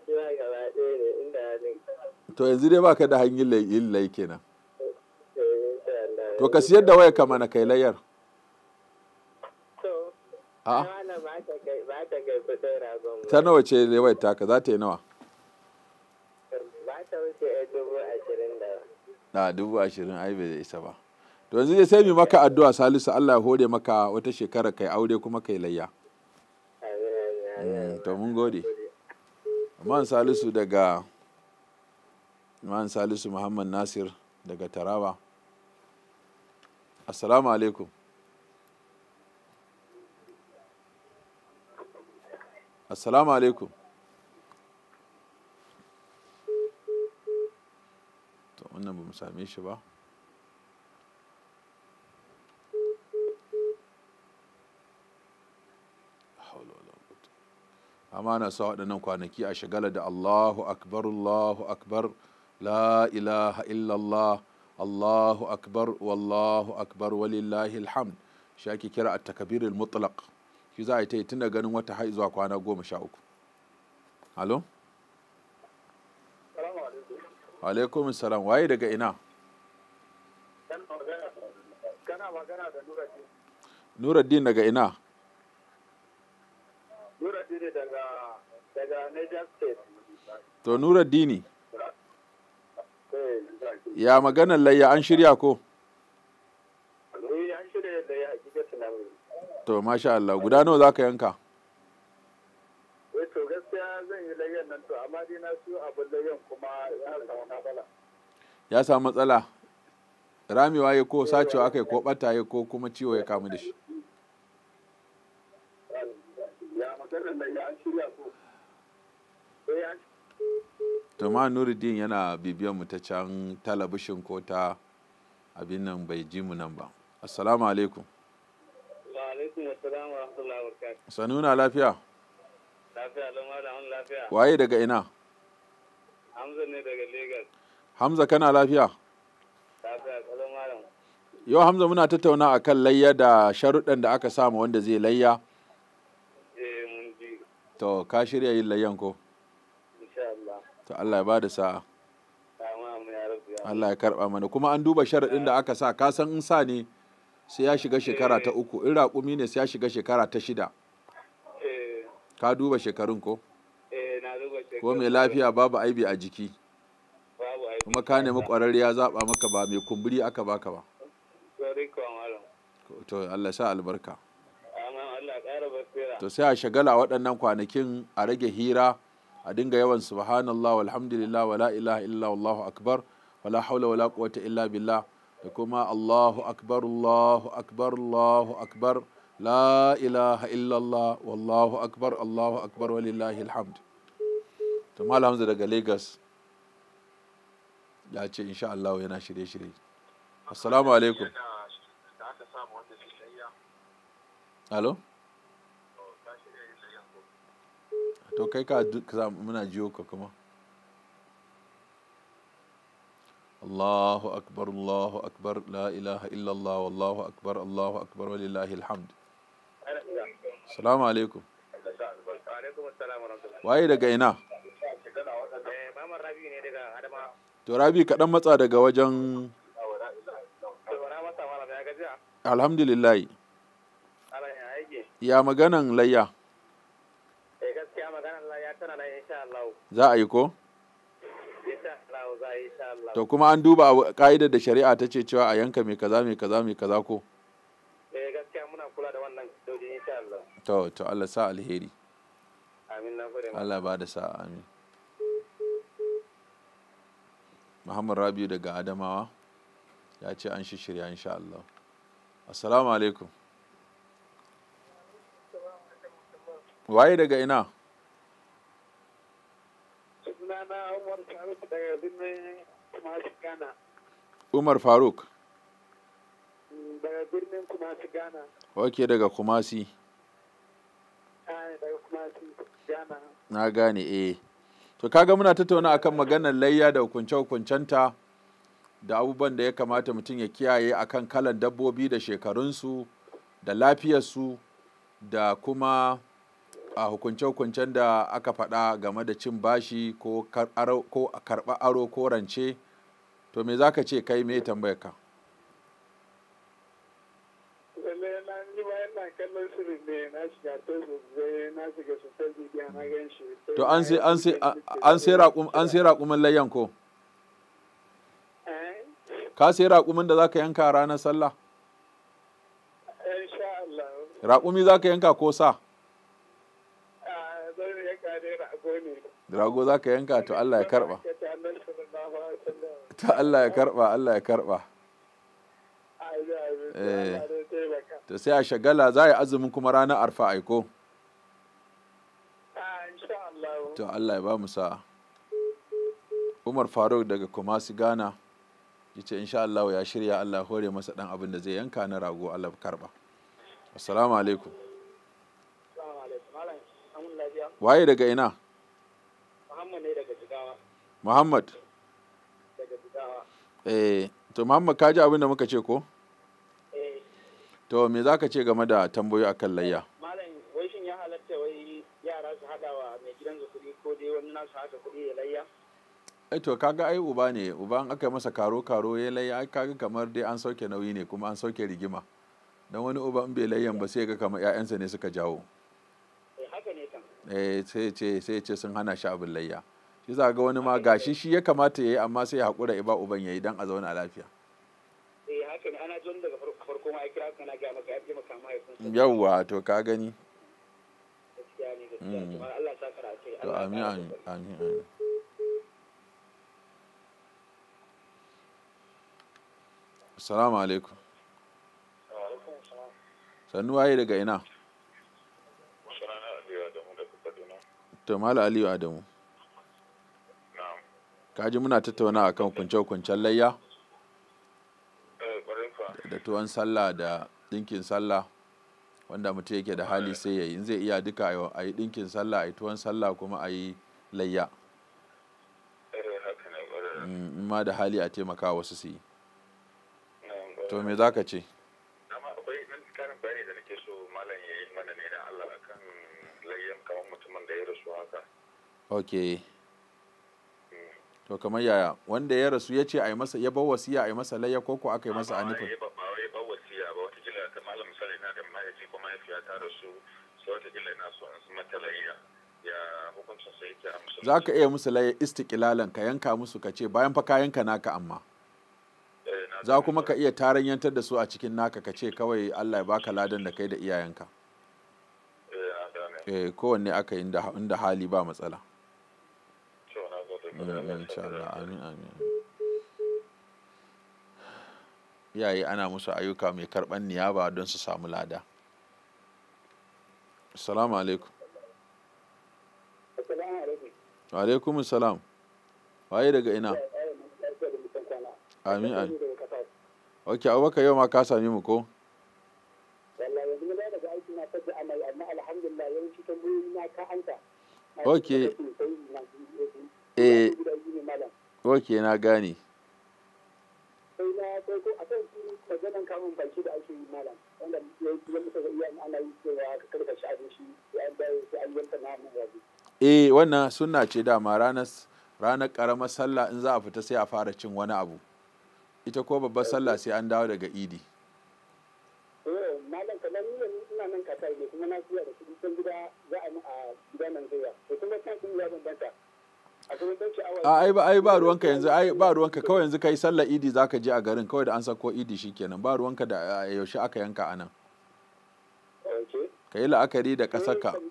to yanzu dai baka da hanyar yin lai kenan to ka siyar da waya ah. ka na kai layar a
ba ta ga kudin ragon ta nawa
ce lewai wai taka za ta yi nawa
ba ta wuce dubu ashirin da
na dubu ashirin ai bai isa ba to yanzu dai sai mu maka addu'a salisu Allah ya hore maka wata shekara kai aure kuma kai layya mm, to mun gode man salisu daga man salisu muhammad nasir daga taraba assalamu alaikum assalamu alaikum to wannan ba mu same shi ba amana sa waɗannan kwanaki a shagala da Allahu akbar Allahu akbar la ilaha illallah Allahu akbar wallahu akbar walillahi alhamd shaki kira a takabirin al-mutlaq shi za a yi ta yi tun da ganin wata har zuwa kwana goma sha uku halo alaikum salam waye daga ina kana nuraddin daga ina
nuraddin daga daga niger state
to ne? Eh, ya maganar layya an shirya ko to masha Allah guda nawa zaka yanka
eh to gaskiya zan yi layyan nan to amma dai na siyo abin layyan kuma ya samu matsala
ya samu matsala ramewa ya ko eh, sacewa aka yi ko bata ya ko kuma ciwo ya kamu da shi eh, to ma nuruddin yana bibiyan mu ta can talabishin ko ta abin nan bai ji mu nan ba assalamu alaikum Sanuna lafiya.
Lafiya lamar da lafiya.
Waye daga ina?
Hamza ne daga Lagos.
Hamza kana lafiya? Lafiya Yau Hamza muna tattauna a kan layya da sharuɗan da aka samu wanda zai layya.
Eh, mun ji.
To ka shirya yin layyan ko? Insha Allah. To Allah ya bada sa'a. Allah ya karɓa mana kuma an duba sharuɗin da aka sa ka san in sa ne sai ya shiga shekara ta eh. uku in raƙumi ne sai ya shiga shekara ta shida eh. ka duba shekarun ko
eh, ko mai lafiya babu
aibi a jiki
kuma ka nemi ƙwararri
ya zaɓa maka ba mai kumburi aka baka ba to Allah sa albarka to sai a shagala waɗannan kwanakin a rage hira a dinga yawan subhanallah walhamdulillah wala ilaha illa wallahu akbar wala haula wala quwwata illa billah da kuma Allahu akbar Allahu akbar Allahu akbar la ilaha illallah wallahu akbar Allahu akbar walillahi alhamd to malam daga Lagos ya ce insha Allah yana shirye-shirye assalamu alaikum alo to kai ka muna jiyo ka kuma Allahu akbar Allahu akbar la ilaha illallah wallahu akbar Allahu akbar walillahi alhamd
Assalamu alaikum
Waye daga ina To Rabi kaɗan matsa daga wajen Alhamdulillah Ya maganan layya eh, Za a yi ko? to kuma an duba ka'idar da shari'a ta ce cewa a yanka mai kaza mai kaza mai kaza ko
eh gaskiya muna kula da wannan daudi insha Allah
to to Allah sa alheri
amin na Allah
ba da sa amin Muhammad Rabiu daga Adamawa ya ce an shi shirya insha Allah assalamu alaikum waye daga ina Umar Faruk.
Mm, daga birnin Kumasi,
daga Kumasi.
Ah,
Na gane, eh. To, kaga muna tattauna akan maganar layya da hukunce-hukuncenta da abubuwan da ya kamata mutum ya kiyaye akan kalan dabbobi da shekarunsu da lafiyarsu da kuma a hukunce-hukuncen da aka faɗa game da cin bashi ko karɓa aro ko rance. to me za ka ce kai me tambayar ka to an sai an sai an sai raƙum an sai raƙumin layyan ko eh? ka sai raƙumin da za ka yanka a ranar sallah eh, raƙumi za ka yanka ko sa
ah,
rago za ka yanka to Allah ya karɓa to Allah ya karba Allah ya karba eh to sai a shagala za a yi azumin kuma ranar arfa aiko
ah, to Allah
ya ba mu sa'a Umar Faruk daga Kumasi Ghana yace insha Allah ya shirya Allah hore masa dan abin da zai yanka na rago Allah karba assalamu alaikum waye daga ina
muhammad ne daga jigawa
muhammad eh to mamma ka ji abin da muka ce ko eh. to me za ka ce game da tambayoyi akan layya
malam wai shin ya halatta wai yara su hada wa mai gidan su kuɗi ko dai wani nasu haka kuɗi ya layya
eh to kaga ai uba ne uba an aka masa karo karo ya layya ai kaga kamar dai an sauke nauyi ne kuma an sauke rigima dan wani uba in bai layyan ba sai ga kamar ƴaƴansa ne suka jawo
eh haka ne kan
eh sai ce sai ce sun hana shi abin layya shi za ga wani ma gashi shi ya kamata ya yi amma sai ya haƙura iba uban ya yi don a zauna lafiya eh, yawwa to ka gani
mm. to amin amin amin
assalamu alaikum sannu waye daga ina to mala aliyu adamu kaji muna tattauna a kan kunce-kuncen layya eh, da tuwon sallah da ɗinkin sallah wanda mutum yake da hali sai ya in zai iya duka a yi ɗinkin sallah a yi tuwon sallah kuma a yi layya eh, mm, in ma da hali a taimaka wasu su yi to me za ka ce ok to kamar yaya wanda ya rasu ya ce a yi masa ya bar wasiya a yi masa layya ko ko aka yi masa anifin a za ka iya musu layya istiqlalan ka yanka musu ka ce bayan fa ka yanka naka amma eh, za kuma ka iya taranyantar da su a cikin naka ka ce kawai Allah ya baka ladan da kai da iyayenka eh, eh, kowanne aka inda hali ba matsala insha amin amin iyaye ana musu ayyuka mai karban niyaba don su samu lada assalamu alaikum wa alaikum salam waye daga ina amin amin ok abubakar yau ma ka sami mu ko ok eh ok na gane eh wannan suna ce dama ranar ranar karamar sallah in za a fita sai a fara cin wani abu ita ko babbar sallah sai an dawo daga idi
eh, malam nan ne kuma na siya da gida za a yi a gida nan ai ba
ai ba ruwanka yanzu ai ba ruwanka kawai yanzu kai sallar idi zaka je a garin kawai da an sako idi shikenan ba ruwanka da yaushe aka yanka anan ka yi la'akari da kasaka. Mm.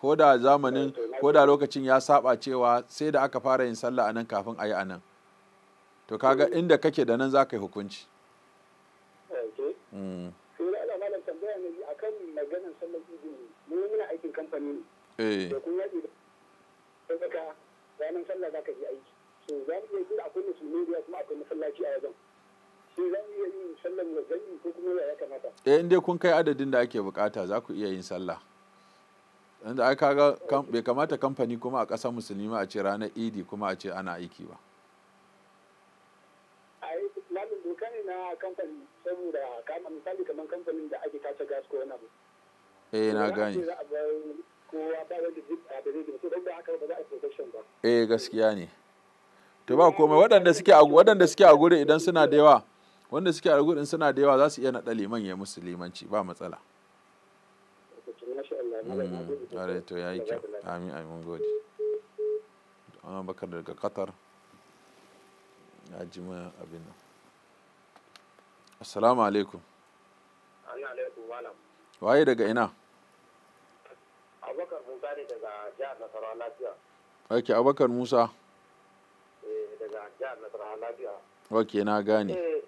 ko da zamanin ko da lokacin ya saba cewa sai da aka fara yin sallah anan kafin a yi anan to kaga inda kake da nan za ka yi hukunci da kun
yaƙi tsakanin sallah za ka yi aiki so za mu iya yi tunda akwai musulmi da kuma akwai masallaci a wajen sai za mu iya yin sallar wajen ko kuma ya kamata
eh dai kun kai adadin da ake bukata za ku iya yin sallah yanzu ai kaga bai kamata kamfani kuma a ƙasar musulmi a ce ranar idi kuma a ce ana aiki ba
ai malamin doka ne na kamfani saboda kama misali kamar kamfanin da ake tace gas ko wani abu
eh na gani. za
a bar kowa ba
eh gaskiya ne to ba komai waɗanda suke a waɗanda suke a idan suna da yawa wanda suke a gurin suna da yawa za su iya naɗa liman ya musu ba matsala
mm, Alright, to yayi kyau.
Amin, Waye daga ina?
abubakar musa ne daga jihar nasarawa lafiya
ok abubakar musa
eh, daga jihar nasarawa lafiya
ok na gane
eh,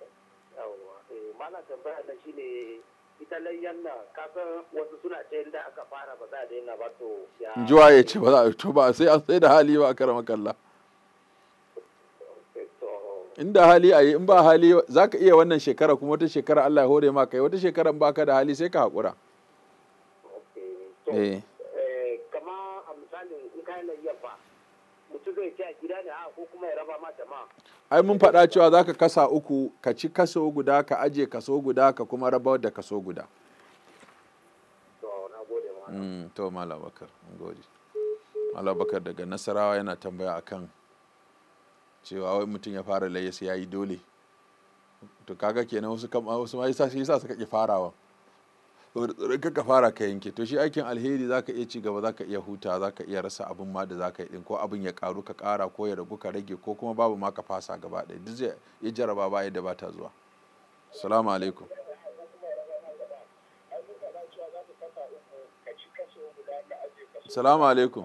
eh, mana tambaya da shi ne ita layyan na kasan wasu suna ce da aka fara ba za a daina ba to ya juwa
ya ce ba za a to ba sai an sai da hali ba a karama kalla inda hali a yi in ba hali za ka iya wannan shekara kuma wata shekara Allah ya hore ma kai wata shekara ba ka da hali sai ka haƙura. Eh.
mutum zai ce a gida ne ko kuma ya raba ma jama'a
ai mun faɗa cewa za ka kasa uku ka ci kaso guda ka aje kaso guda ka kuma raba da kaso guda to na gode malam mm, to malam bakar gode malam daga nasarawa yana tambaya akan cewa wai mutum ya fara laye sai yi dole to kaga kenan wasu wasu ma yasa yasa suka ƙi farawa saboda ka fara ka yanke to shi aikin alheri zaka iya ci gaba zaka iya huta zaka iya rasa abun ma da zaka yi din ko abin ya karu ka kara ko ya ragu ka rage ko kuma babu ma ka fasa gaba ɗaya duk zai ya jaraba ba yadda ba ta zuwa assalamu alaikum assalamu alaikum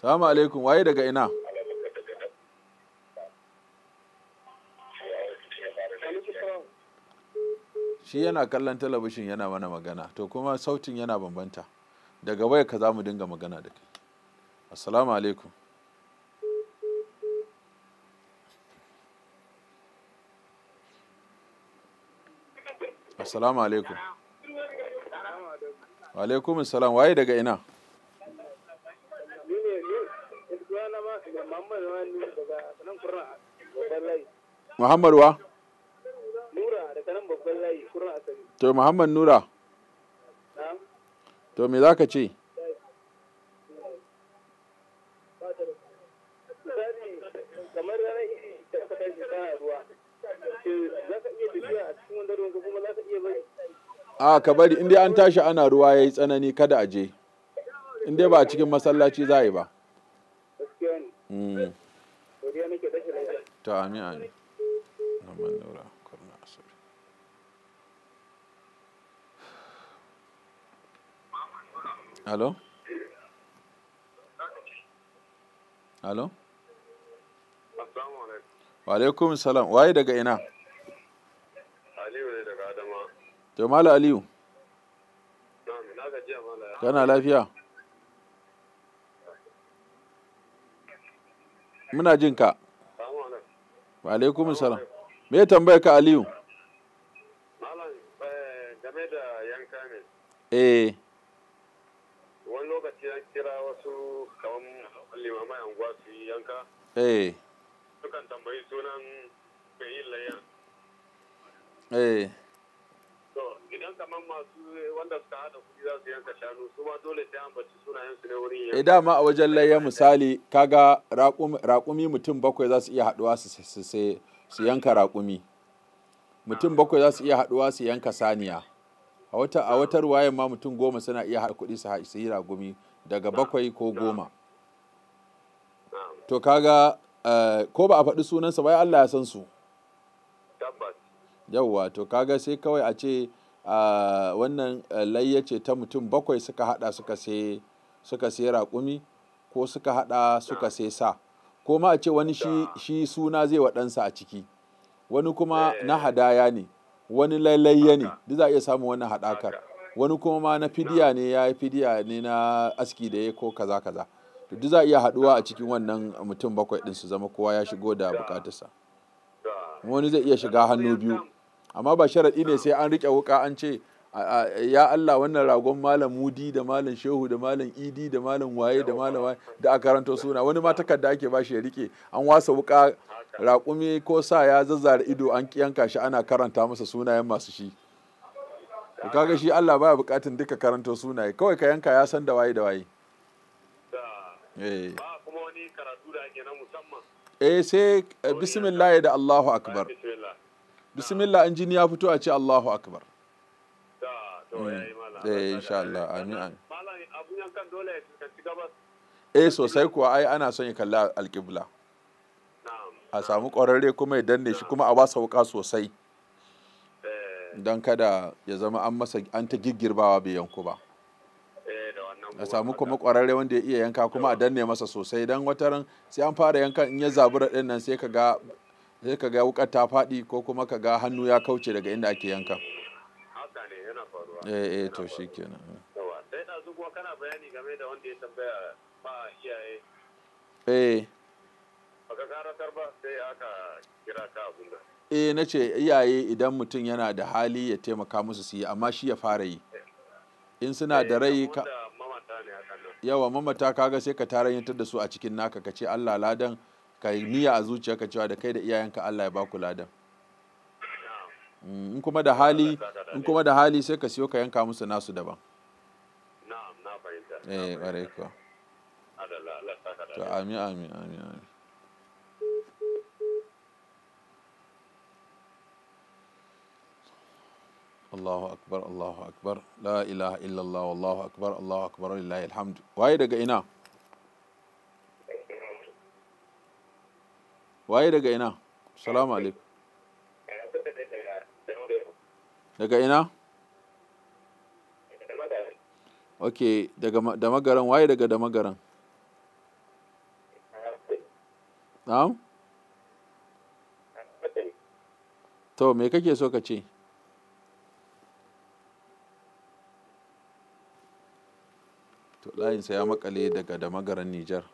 salamu alaikum waye daga ina
shi yana kallon talabishin yana mana magana to kuma sautin yana bambanta daga waya ka za mu dinga magana da kai assalamu alaikum assalamu alaikum wa alaikum assalam waye daga ina Muhammad wa? to muhammad nura to me za ka ce a ka bari inda an tashi ana ruwa ya yi tsanani kada a je
inda ba a cikin
masallaci za a yi ba ta mm. amin amin Alo? Alo? Wa alaikum salam. Waye daga ina?
Aliyu ne daga Adama.
To Mala Aliyu.
Na gajiya Mala. ya. Kana
lafiya? Muna jin ka. Wa alaikum salam. Me tambayar ka Aliyu?
Malam eh, game da yanka ne. Eh. limamai anguwa
su yi yanka eh ma eh, dama a wajen layan misali kaga raƙumi mutum bakwai za su iya haɗuwa su yanka raƙumi mutum ah. bakwai za su iya haɗuwa su yanka saniya a wata ah. wayan ma mutum goma suna iya haɗa kuɗi su yi ragumi daga ah. bakwai ko goma to kaga eh, ko ba a faɗi sunansa ba Allah ya san su yawwa to kaga sai kawai a ce ah, wannan eh, layya ce ta mutum bakwai suka hada suka sai suka sai raƙumi ko suka hada suka sai sa ko ma a ce wani shi suna zai waɗansa a ciki wani kuma na eh. hadaya ne wani lailayya ne duk za a iya samun wannan haɗakar wani kuma ma na fidiya ne ya yi fidiya ne na aski da ya ko kaza kaza to duk za a iya haɗuwa a cikin wannan mutum bakwai ɗin su zama kowa ya shigo da bukatarsa wani zai iya shiga hannu biyu amma ba sharaɗi ne sai an rike wuka an ce ya Allah wannan ragon malam mudi da malam shehu da malam idi da malam waye da malam waye da a karanto suna wani ma takarda ake bashi ya rike an wasa wuka raƙumi ko sa ya zazzara ido an yanka shi ana karanta masa sunayen masu shi kaga shi Allah baya bukatun duka karanto sunaye kawai ka yanka ya san da waye da waye Eh. ba kuma wani karatu da eh sai bismillah da Allahu akbar bismillah injini ya fito a ce Allahu akbar hmm. eh insha Allah amin eh sosai kuwa ai ana son ya kalla alƙibla a samu ƙwararre kuma ya danne shi kuma a wasa wuka sosai eh. don kada ya zama an masa an ta giggirbawa bai yanku ba a samu kuma kwararre wanda ya iya yanka kuma a danne masa sosai dan wataran sai an fara yanka in ya zabura din nan sai ka sai wukar ta faɗi ko kuma ka ga hannu ya kauce daga inda ake yanka eh eh to shikenan sai zuwa kana bayani game da wanda ya tambaya ba iyaye eh
baka karatar ba sai aka kira ka
eh na ce iyaye idan mutum yana da hali ya taimaka musu su yi amma shi ya fara yi eh. in suna da eh, rai ka yawa mamata kaga sai ka tarayyantar da su a cikin naka ka ce Allah ladan ka yi niyya a ka cewa da kai da iyayenka Allah ya baku ladan mm, in kuma da hali in kuma da hali sai ka siyo ka yanka musu nasu daban
na'am na fahimta
eh bare to amin amin amin amin Allahu akbar daga ina waye daga ina salamu alaikum daga ina ok daga damagaran waye daga damagaran na'am to me kake so ka ce layinsa ya makale daga da magaran Nijar.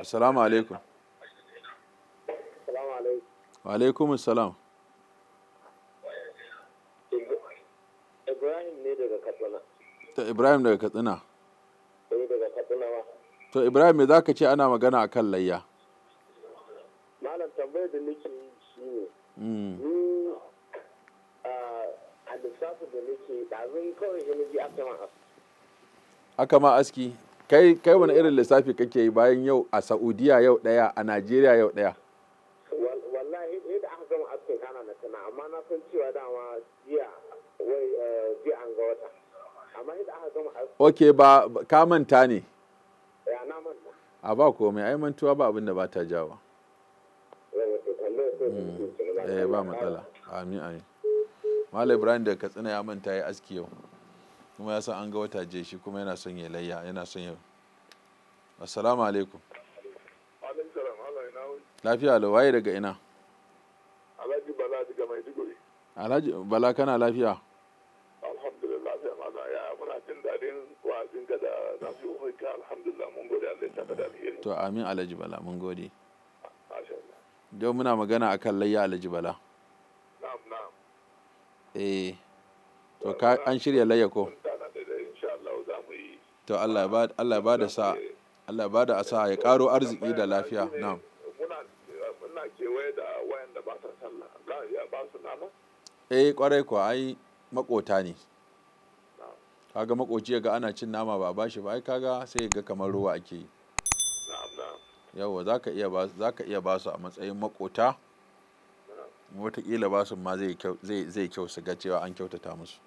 Assalamu alaikum. Wa alaikum assalam.
Ibrahim ne daga Katsina.
Ta Ibrahim daga Katsina.
Eh daga Katsina ba.
To Ibrahim me zaka ce ana magana akan layya?
Malam tambayar da nake yi shi ne. Mm. abin kawai shi ne
aka ma aski aka ma aski kai kai wani irin lissafi kake yi bayan yau a Saudiya yau daya a Najeriya yau daya
wallahi eh, da aka zama askin kana na sana amma na san cewa dama jiya wai eh, jiya an ga wata amma da aka zama askin
okay ba ka manta ne
ya na manta
a ba komai ai mantuwa ba abin da ba ta jawa
hmm.
eh ba matsala amin amin malam ibrahim da katsina ya manta ya aski yau kuma ya san an ga wata je shi kuma yana son ya layya yana son yau assalamu alaikum lafiya lau waye daga ina
alhaji bala daga maiduguri
alhaji bala kana lafiya
alhamdulillah sai ya muna jin daɗin wa'azin ka da alhamdulillah mun gode Allah ya da
alheri to amin alhaji bala mun gode yau muna magana akan layya alhaji bala eh to ka an shirya layya ko to Allah ba Allah ba da sa Allah ba da asa ya karo arziki da lafiya na'am
muna kewaye da wayanda ba sa sallah za ba su nama
eh kwarai ko ai makota ne kaga makoci ga ana cin nama ba bashi ba ai kaga sai ga kamar ruwa ake yi yawa za ka iya ba su a matsayin makota watakila su ma zai kyau su ga cewa an kyautata musu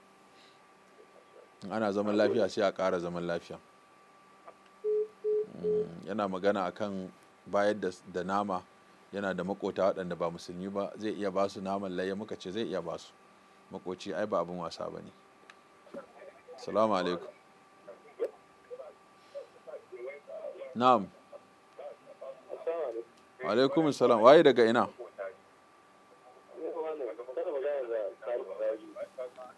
ana zaman lafiya sai a ƙara zaman lafiya mm, yana magana akan bayar da nama yana da makota waɗanda ba musulmi ba zai iya basu naman laye muka ce zai iya basu makoci ai ba abin wasa ba ne salamu alaikum na'am alaikum salam waye daga ina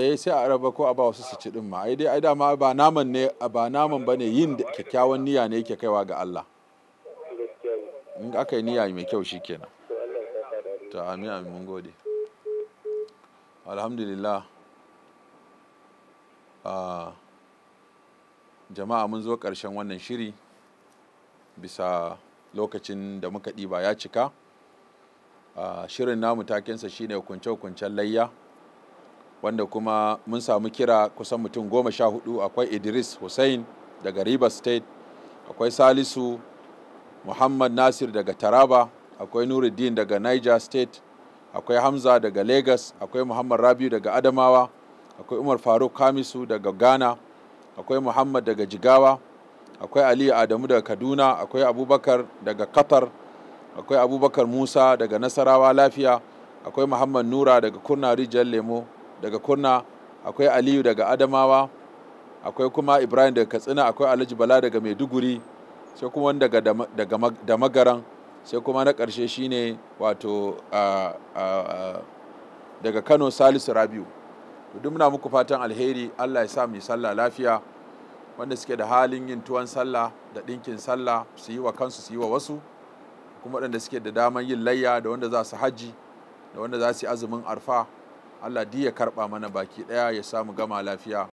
eh sai a araba ko a ba wasu su ci din ma ai dai ai dama ba naman ne ba naman bane yin kyakkyawan niyya ne yake kaiwa ga Allah in aka yi niyya mai kyau shikenan to amin amin mun gode alhamdulillah ah, jama'a mun zo karshen wannan shiri bisa lokacin da muka ɗiba ya cika ah, shirin namu takensa shine hukunce-hukuncen layya wanda kuma mun samu kira kusan mutum goma sha hudu akwai idris hussein daga river state akwai salisu muhammad nasir daga taraba akwai nuruddin daga niger state akwai hamza daga lagos akwai muhammad rabiu daga adamawa akwai umar faruk kamisu daga ghana akwai muhammad daga jigawa akwai aliyu adamu daga kaduna akwai abubakar daga qatar akwai abubakar musa daga nasarawa lafiya akwai muhammad nura daga kurna rijiyar lemo daga kurna akwai aliyu daga adamawa akwai kuma ibrahim daga katsina akwai alhaji bala daga maiduguri sai kuma wani daga da sai kuma na ƙarshe shine wato daga kano salisu rabiu duk muna muku fatan alheri allah ya sa mu sallah lafiya wanda suke da halin yin tuwon sallah da ɗinkin sallah su yi wa kansu su yi wa wasu kuma waɗanda suke da daman yin layya da wanda za su hajji da wanda za su yi azumin arfa Allah di ya karɓa mana baki ɗaya ya samu gama lafiya